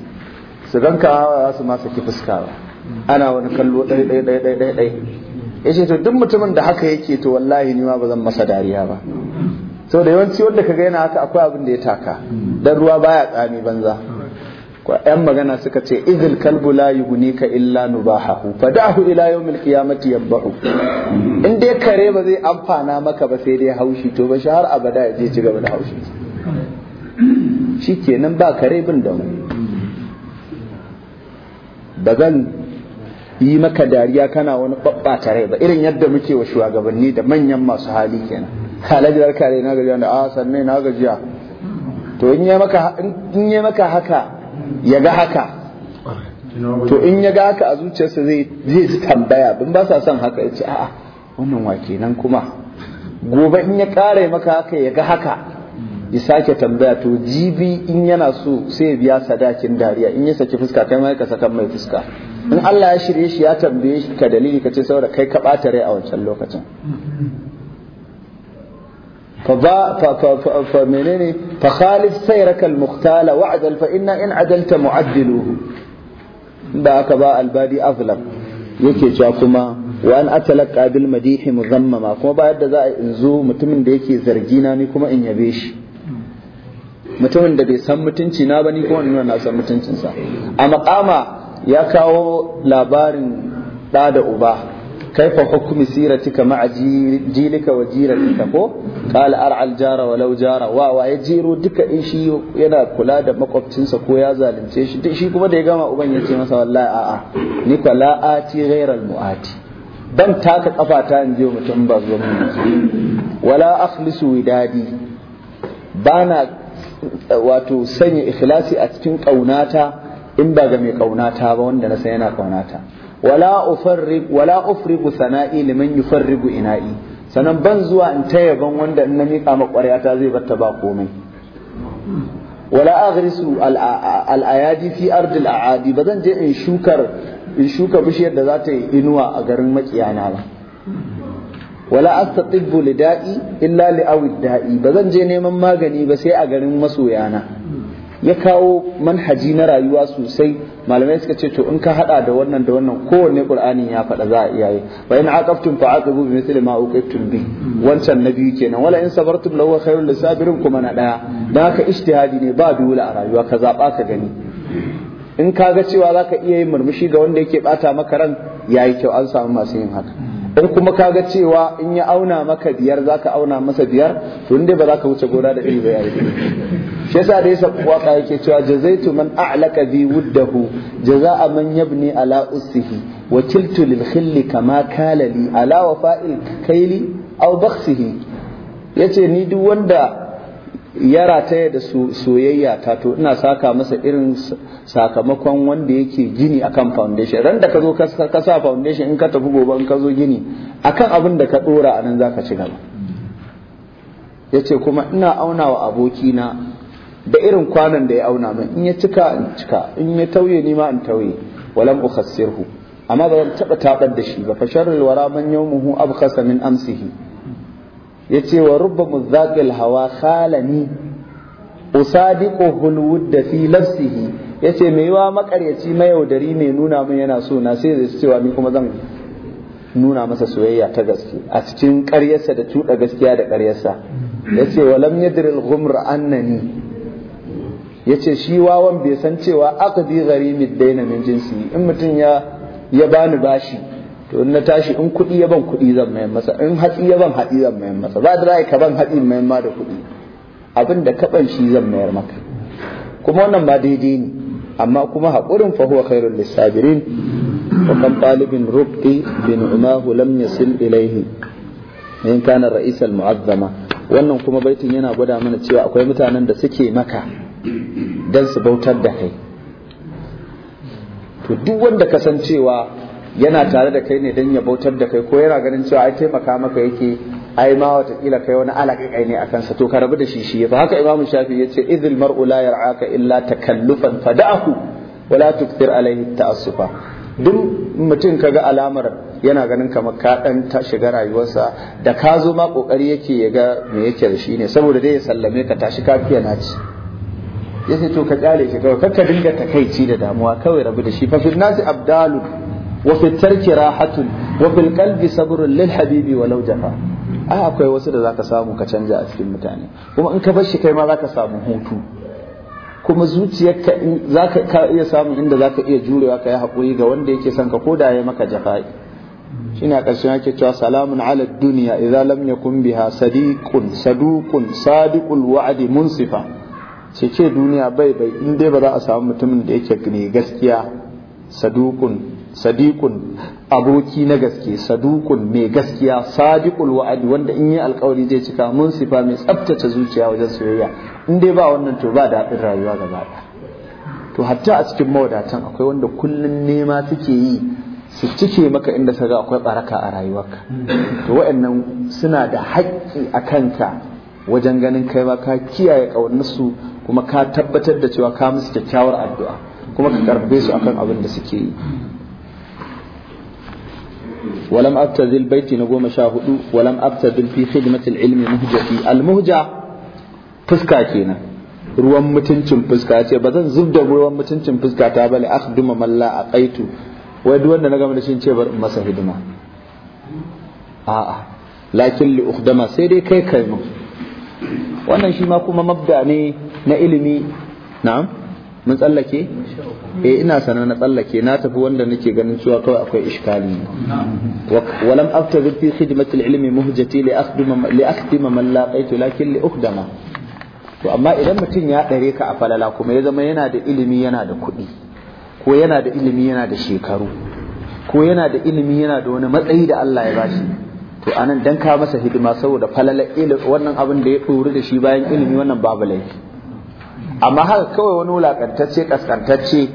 su ganka su ma saki fuska ana wani kallo dai dai dai yace to duk mutumin da haka yake to wallahi ni ma ba zan masa dariya ba so da yawanci wanda kaga yana haka akwai abin da ya taka dan ruwa baya tsami banza Ko yan magana suka ce izil kalbu la yughnika illa nubahahu fadahu ila yawmil qiyamati yabahu in dai kare ba zai amfana maka ba sai dai haushi to ba har abada ya je ci gaba da haushi shikenan ba kare bin da mu yi maka dariya kana wani babbata rai ba irin yadda muke wa shugabanni da manyan masu hali kenan halaji da kare na gajiya da a ah, sanne na gajiya to in yi maka in yi maka haka ya ga haka to in ya ga haka a zuciyarsa zai zai tambaya bin ba sa son haka ya ce a'a wannan wa kenan kuma gobe in ya kare maka haka ya ga haka ya sake tambaya to jibi in yana so sai ya biya sadakin dariya in ya saki fuska kai ma ka saka mai fuska in Allah ya shirye shi ya tambaye shi ka dalili ka ce saboda kai ka bata rai a wancan lokacin fa ba fa fa fa menene fa khalif sayraka al muhtala wa'dal fa inna in adalta mu'addiluhu da aka ba albadi azlam yake cewa kuma wa an atalaka bil madihi muzammama kuma ba yadda za a in zo mutumin da yake zargi na ni kuma in yabe shi mutumin da bai san mutunci na bani ko wannan na san mutuncinsa a makama ya kawo labarin da da uba kaifa hukumi siratika ma'a jilika wa jiratika ko qala al jara walau jara wa wa ya duka in shi yana kula da makwabcinsa ko ya zalunce shi shi kuma da ya gama uban ya ce masa wallahi a'a ni ka la'ati ghairal mu'ati Dan taka kafata in je mutum ba zuwa wala akhlisu widadi bana wato sanya ikhlasi a cikin ƙaunata in ba ga mai ƙaunata ba wanda na san yana ƙaunata wala ufarrig wala ufrigu sana'i liman yufarrigu ina'i sanan ban zuwa in ta yaban wanda in na mika ma ƙwaryata zai batta ba komai wala aghrisu al'ayadi fi al a'adi ba je in shukar in shuka bishiyar da za ta yi inuwa a garin makiyana ba wala astatibbu lida'i illa li awid da'i ba zan je neman magani ba sai a garin masoyana ya kawo manhaji na rayuwa sosai malamai suka ce to in ka hada da wannan da wannan kowanne qur'ani ya faɗa za a iya yi wa in aqaftum fa aqibu bi mithli ma bi wancan na biyu kenan wala in sabartum lahu khairul lisabirin kuma na daya dan haka ijtihadi ne ba dole a rayuwa ka zaba ka gani in ka ga cewa zaka iya yin murmushi ga wanda yake bata maka ran yayi kyau an samu masu yin haka in kuma ka ga cewa in ya auna maka biyar za ka auna masa biyar to inda ba za ka wuce gona da iri ba yare shi yasa da yasa waka yake cewa jazaitu man a'laka bi wuddahu a man yabni ala usihi wa kiltu lil khilli kama kalali li ala wafa'il kaili aw bakhsihi yace ni duk wanda Yara rataya da soyayya ta to ina saka masa irin sakamakon wanda yake gini akan foundation ran da ka zo ka sa foundation in ka tafi gobe in ka zo gini akan abin da ka dora a nan zaka ci gaba yace kuma ina auna wa abokina da irin kwanan da ya auna min in ya cika in cika in ya tauye ni ma in tauye walam ukhassirhu amma ba zan taba tabar da shi ba fa wara man yawmuhu abkhasa min amsihi Ya ce wa rubba muzaqil hawa khalani usadiquhu da fi nafsihi yace mai yiwa makaryaci mayaudari mai nuna min yana so na sai zai cewa ni kuma zan nuna masa soyayya ta gaske a cikin karyarsa da cuɗa gaskiya da ƙaryarsa ce wa lam yadril ghumr annani ce shi wawan bai san cewa aka gari gharimid daina min jinsi in mutum ya bani bashi to in na tashi in kuɗi ya ban kuɗi zan mayan masa in hatsi ya ban hatsi zan mayan masa ba da ra'ayi ka ban hatsi mayan ma da kuɗi abin da ka ban shi zan mayar maka kuma wannan ba daidai ne amma kuma haƙurin fa huwa khairul lisabirin wa kan talibin rubqi bin umahu lam yasil ilayhi in kana ra'is al mu'azzama wannan kuma baitin yana gwada mana cewa akwai mutanen da suke maka dan su bautar da kai to duk wanda cewa. yana tare da kai ne don ya bautar da kai ko yana ganin cewa ai taimaka maka yake ai ma kila kai wani alaka kai ne a kansa to ka rabu da shi shi ya haka imamu shafi ya ce mar'u la yar'aka illa takallufan wa wala tukthir alayhi ta'assufa duk mutum kaga alamar yana ganin kamar ka dan ta shiga rayuwarsa da ka zo ma kokari yake ya ga me yake da shi ne saboda dai ya sallame ka tashi kafiya na ci yace to ka kyale shi kawai kakka dinga takaici da damuwa kawai rabu da shi fa fil nasi abdalun وفي الترك راحة وفي القلب صبر للحبيب ولو جفا a akwai wasu da zaka samu ka canja a cikin mutane kuma in ka bar shi kai ma zaka samu hutu kuma zuciyarka zaka ka iya samun inda zaka iya jurewa ka yi haƙuri ga wanda yake son ka da ya maka shi ne a ƙarshen yake cewa salamun ala duniya idza lam yakun biha sadiqun saduqun sadiqul wa'di munsifa ce ce duniya bai bai in dai ba za a samu mutumin da yake ne gaskiya sadukun. sadiqun aboki na gaske sadukun mai gaskiya sadiqul wa'adi wanda in yi alkawari zai cika mun sifa mai tsaftace zuciya wajen soyayya in dai ba wannan to ba daɗin rayuwa gaba to hatta a cikin mawadatan akwai wanda kullun nema suke yi su cike maka inda saka akwai baraka a rayuwarka to wa'annan suna da haƙƙi a kanka wajen ganin kai ma ka kiyaye ƙaunarsu kuma ka tabbatar da cewa ka musu kyakkyawar addu'a kuma ka karbe su akan abin da suke yi ولم أبتذل البيت نقوم شاهد ولم أبتذل في خدمة العلم مهجتي المهجة فسكاكينا ruwan mutuncin fuska ce ba zan zub da ruwan mutuncin fuska ta bale akhduma man a aqaitu wai duk wanda na gama da shi ce bar masa hidima a'a lakin li ukhdama sai dai kai kai mu wannan shi ma kuma mabda ne na ilimi na'am mun tsallake eh ina sanar na tsallake na tafi wanda nake ganin cewa kawai akwai iskali walam aftadhi fi khidmati ilmi muhjati li akhdima li akhdima man laqaitu lakin li ukhdama to amma idan mutum ya dare ka a falala kuma ya zama yana da ilimi yana da kuɗi ko yana da ilimi yana da shekaru ko yana da ilimi yana da wani matsayi da Allah ya bashi to anan dan ka masa hidima saboda falala wannan abin da ya tsori da shi bayan ilimi wannan babu laifi amma haka kawai wani wulakantacce kaskantacce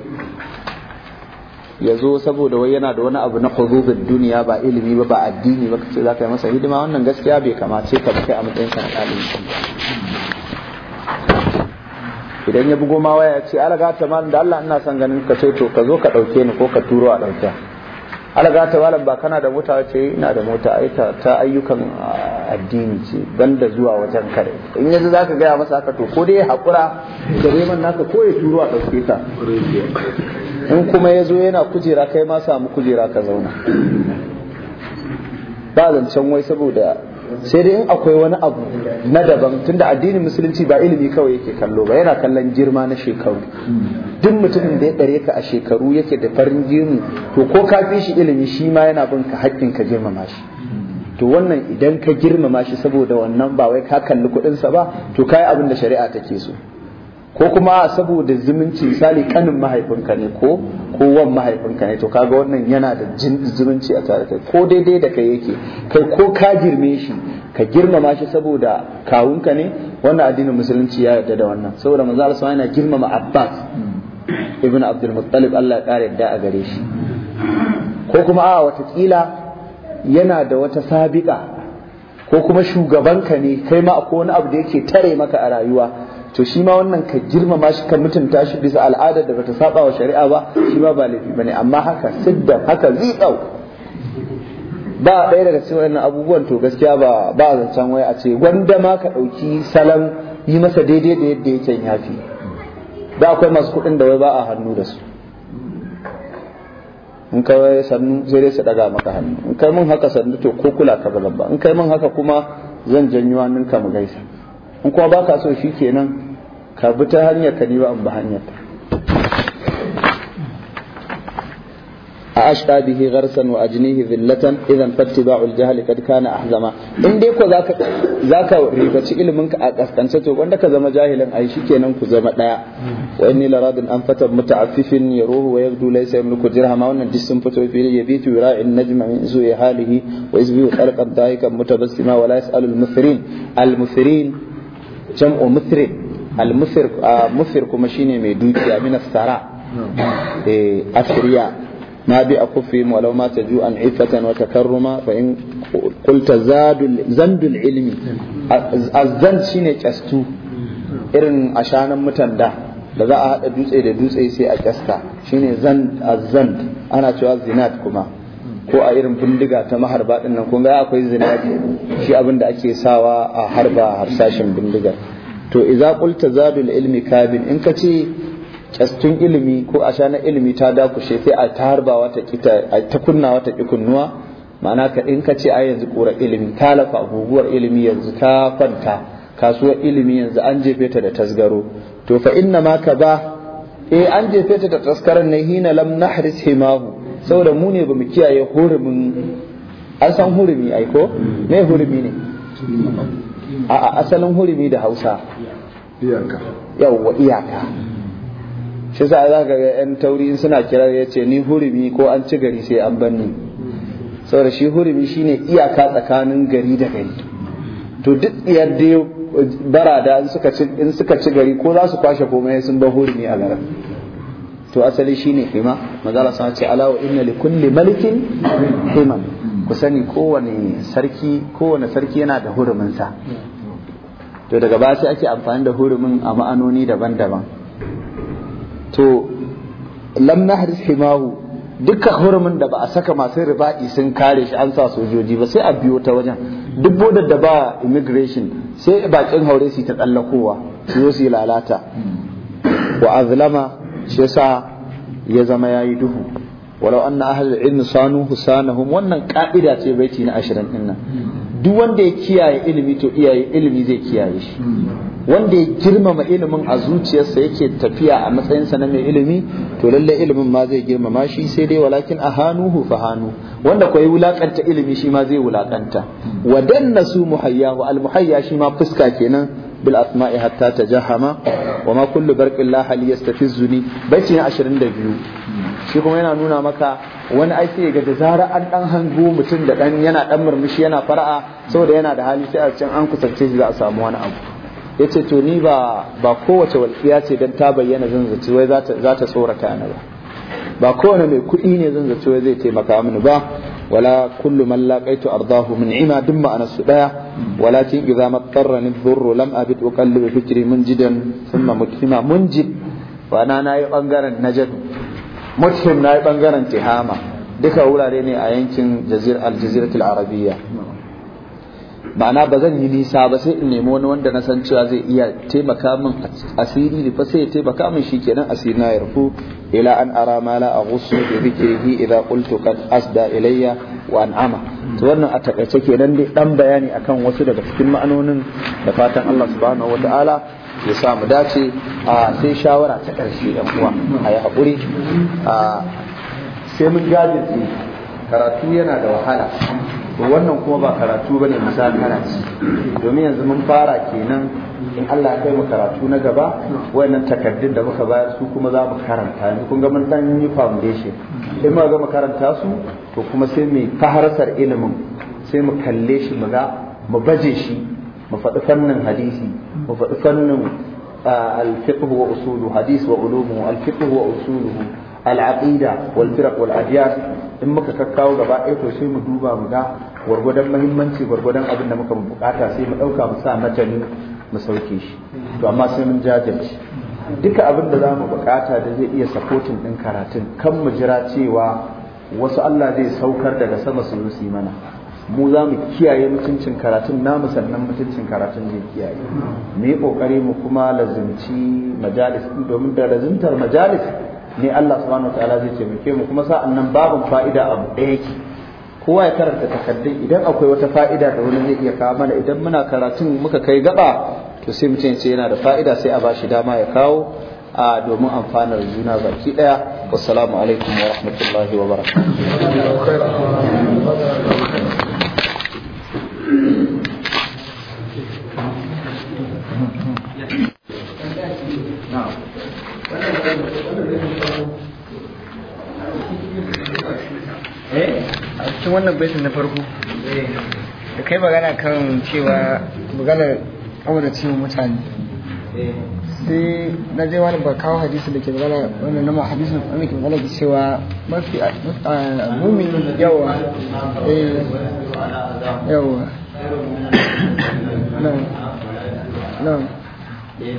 ya zo saboda wai yana da wani abu na hudubin duniya ba ilimi ba ba addini ba kace za ka yi masa hidima wannan gaskiya bai kamace ka ba kai a matsayin ka ɗalibi idan ya bugo ma waya ya ce alaga ta da Allah ina son ganin ka ce to ka zo ka ɗauke ni ko ka turo a ɗauke za ta malam ba kana da mota ce ina da mota ai ta ayyukan addini ce banda zuwa wajen kare in yanzu zaka gaya masa haka to ko dai hakura da neman naka ko ya turo a dauke ka in kuma yazo yana kujera kai ma samu kujera ka zauna ba zancen wai saboda sai dai in akwai wani abu na daban tunda addinin musulunci ba ilimi kawai yake kallo ba yana kallon girma na shekaru duk mutumin da ya dare ka a shekaru yake da farin girmu to ko ka fi shi ilimi shi ma yana bin ka haƙƙin ka girmama shi to wannan idan ka girmama shi saboda wannan ba wai ka kalli kuɗinsa ba to kai abin da shari'a take so ko kuma saboda zumunci misali kanin mahaifinka ne ko kowan mahaifinka ne to kaga wannan yana da zumunci a tare kai ko daidai da kai yake kai ko ka girme shi ka girmama shi saboda kawunka ne wannan addinin musulunci ya yarda da wannan saboda manzo Allah yana girmama Abbas ibn Abdul Muttalib Allah ya kare da a gare shi ko kuma a watakila yana da wata sabiƙa ko kuma shugabanka ne kai ma akwai wani abu da yake tare maka a rayuwa to shi ma wannan ka girmama shi ka mutunta shi bisa al'adar da bata saba wa shari'a ba shi ma ba laifi bane amma haka sidda haka zikau ba ɗaya daga cikin wannan abubuwan to gaskiya ba ba zancen wai a ce gwanda ma ka ɗauki salon yi masa daidai da yadda yake yafi da akwai masu kuɗin da wai ba a hannu da su in kai wai sannu sai dai su ɗaga maka hannu in kai mun haka sannu to ko kula ka ba in kai mun haka kuma zan janyo hannunka mu gaisa in kuma ba ka so shi kenan ka bi ta hanyar ka ni ba an bi hanyar ta a ashta bihi gharsan wa ajnihi dhillatan idan fattiba'ul jahli kad kana ahzama in dai ko zaka zaka ribaci ilimin ka a kaskance to wanda ka zama jahilin ai shikenan ku zama daya wa inni laradin an fatab muta'affifin yaruhu wa yabdu laysa yamliku dirhama wannan duk sun fito fili yabitu yura'in najma min su'i halihi wa isbihu khalqan dahikan mutabassima wa la yas'alul mithrin al mithrin jam'u mithrin al-mufir uh, kuma shine mai dukiya min as-sara eh asriya ma bi akufi walau ma taju an ifatan wa takarruma fa in qulta zadul zandul ilmi azzan shine kyastu irin ashanan mutan da da za a haɗa dutse da dutse sai a kyasta shine zan azzan ana cewa zinat kuma ko a irin bindiga ta maharba din nan kun ga akwai zinadi shi abin ake sawa a harba harsashin bindigar to iza qulta zadul ilmi kabin in ka ce kyastun ilimi ko a na ilimi ta dakushe sai a tarbawa ta kita ta kunnawa ta kunnuwa ma'ana ka in ka ce a yanzu kura ilimi ta lafa guguwar ilimi yanzu ta kwanta kasuwar ilimi yanzu an jefe ta da tasgaro to fa inna ma ka ba eh an jefe ta da taskaran ne hina lam nahris himahu saboda mu ne bamu kiyaye hurumin an san hurumi ai ko me hurumi ne a'a asalin hurumi da hausa iyaka wa iyaka shi sa za ka ga yan tauri in suna kirar ya ce ni hurumi ko an ci gari sai an banni saboda shi hurumi shine iyaka tsakanin gari da gari to duk yadda da barada in suka ci gari ko za su kwashe komai sun ba hurumi a garin to asali shine hima mazala sa ce ala wa inna li kulli malikin hima ku sani kowane sarki kowane sarki yana da hurumin sa to daga baya sai ake amfani da hurumin a ma'anoni daban-daban to lam nahris himahu dukkan hurumin da ba a saka masu ribaɗi sun kare shi an sa sojoji ba sai a biyo ta wajen duk bodar da ba immigration sai bakin haure su ta tsallakowa su zo lalata wa azlama shi yasa ya zama yayi duhu walau anna ahlul ilmi sanu husanahum wannan ka'ida ce baiti na 20 din duk wanda ya kiyaye ilimi to iyaye ilimi zai kiyaye shi wanda ya girmama ilimin a zuciyarsa yake tafiya a matsayinsa na mai ilimi to lalle ilimin ma zai girmama shi sai dai walakin a hannu fa hannu. wanda ko wulakanta ilimi shi ma zai wulakanta na su muhayya al muhayya shi ma fuska kenan bil asma'i hatta tajahama wa ma kullu barqin la hal yastafizuni da 22 shi kuma yana nuna maka wani ai sai ga da zara an dan hango mutum da dan yana dan murmushi yana fara'a saboda yana da hali sai a cikin an kusance shi za a samu wani abu yace to ni ba kowace walƙiya ce dan ta bayyana zanzaci wai za ta tsorata ni ba ba kowane mai kuɗi ne zanzaci wai zai taimaka mini ba wala kullu man laqaitu ardahu min ima duk ma'ana su daya walakin idza ni dhurru lam abid uqallibu fikri munjidan thumma mutima munjid wa na nayi bangaren najadu mutum na yi bangaren tihama duka wurare ne a yankin aljaziratul arabiya ma'ana ba zan yi nisa ba sai in nemi wani wanda na san cewa zai iya taimaka min asiri ne fa sai ya taimaka min shi kenan asiri na yarfu ila an ara ma la aghussu bi dhikrihi idza qultu qad asda ilayya wa an'ama to wannan a takaice kenan dai dan bayani akan wasu daga cikin ma'anonin da fatan Allah subhanahu ta'ala. ya sa mu dace a sai shawara ta ƙarshe ɗan uwa a yi haƙuri sai mun jajirce karatu yana da wahala wannan kuma ba karatu ba ne misali ana ci domin yanzu mun fara kenan in Allah ya kai mu karatu na gaba wayannan takardun da muka bayar su kuma za mu karanta ni kun ga mun dan yi foundation in muka ga mu karanta su to kuma sai mu faharsar ilimin sai mu kalle shi mu ga mu baje shi mu faɗi fannin hadisi mu faɗi fannin الفقه وأصوله حديث al الفقه wal العقيدة wal والأديان in muka kakkawo gaba ɗaya to sai mu duba mu ga gwargwadon mahimmanci gwargwadon abin da muka bukata sai mu ɗauka mu sa matani mu sauke shi to amma sai mun jajirce duka abin da za mu bukata da zai iya sapotin ɗin karatun kan mu jira cewa wasu Allah zai saukar daga sama su yi mana mu za mu kiyaye mutuncin karatun namu sannan mutuncin karatun zai kiyaye mu yi kokari mu kuma lazimci majalis domin da lazimtar majalis ne Allah subhanahu wataala zai taimake mu kuma sa'an nan babin fa'ida a ɗaya yake kowa ya karanta takardun idan akwai wata fa'ida da wani zai iya kawo mana idan muna karatun muka kai gaba to sai mutum ce yana da fa'ida sai a bashi dama ya kawo a domin amfanar juna baki ɗaya wassalamu alaikum wa rahmatullahi wa barakatuh eh a cikin wannan baitin na farko da kai magana kan cewa magana kawada cewa mutane eh, sai na je wani ba kawo hadisi da ke magana wannan nama hadisu na wanda ke magana da cewa mafi mumin yawa eh, yawa nan nan eh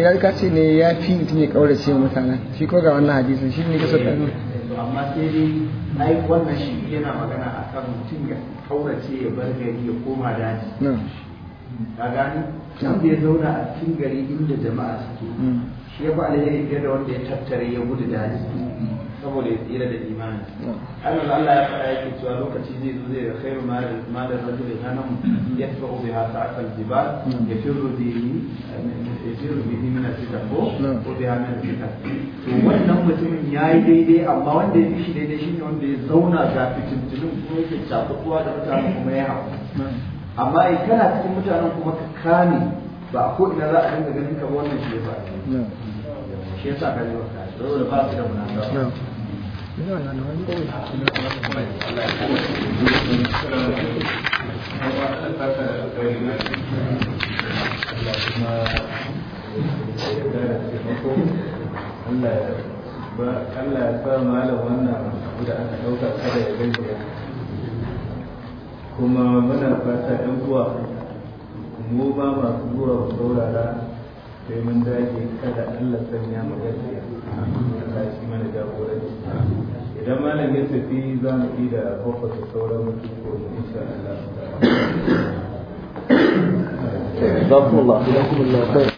ya eh, ka ce ne ya fi mutum ya kaurace mutanen shi ko ga wannan hadisin shi ne ka so eh, eh, amma sai dai yi wannan shi yana magana a kan mutum ya ce ya bar gari ya koma daji ka gani can bai zauna a cikin gari inda jama'a suke mm. shi ya ba alayyar da wanda ya tattare ya gudu daji mm. saboda ya tsira da imani annabi Allah ya faɗa yake cewa lokaci zai zo zai ga khairu ma da rajul hanam yasfa'u biha sa'atal jibal yafirru bihi yafirru bihi min al-fitan ko ko biha min al-fitan to wannan mutumin yayi daidai amma wanda ya fi shi daidai shine wanda ya zauna ga fitintunin kuma yake cakuɗuwa da mutane kuma ya haƙu amma in kana cikin mutanen kuma ka kame ba ko ina za a dinga ganin ka wannan shi ya faru shi yasa ka ji saboda ba su da Allah ya sa malam wannan abu da aka ɗauka kada ya gajiya kuma muna fata 'yan uwa mu ba masu zuwa saurara sai mun dage kada Allah sanya mu gaskiya Allah shi mana jagoranci idan malam ya tafi za mu yi da fafasa sauran mutum ko insha Allah جزاكم الله جزاكم الله خير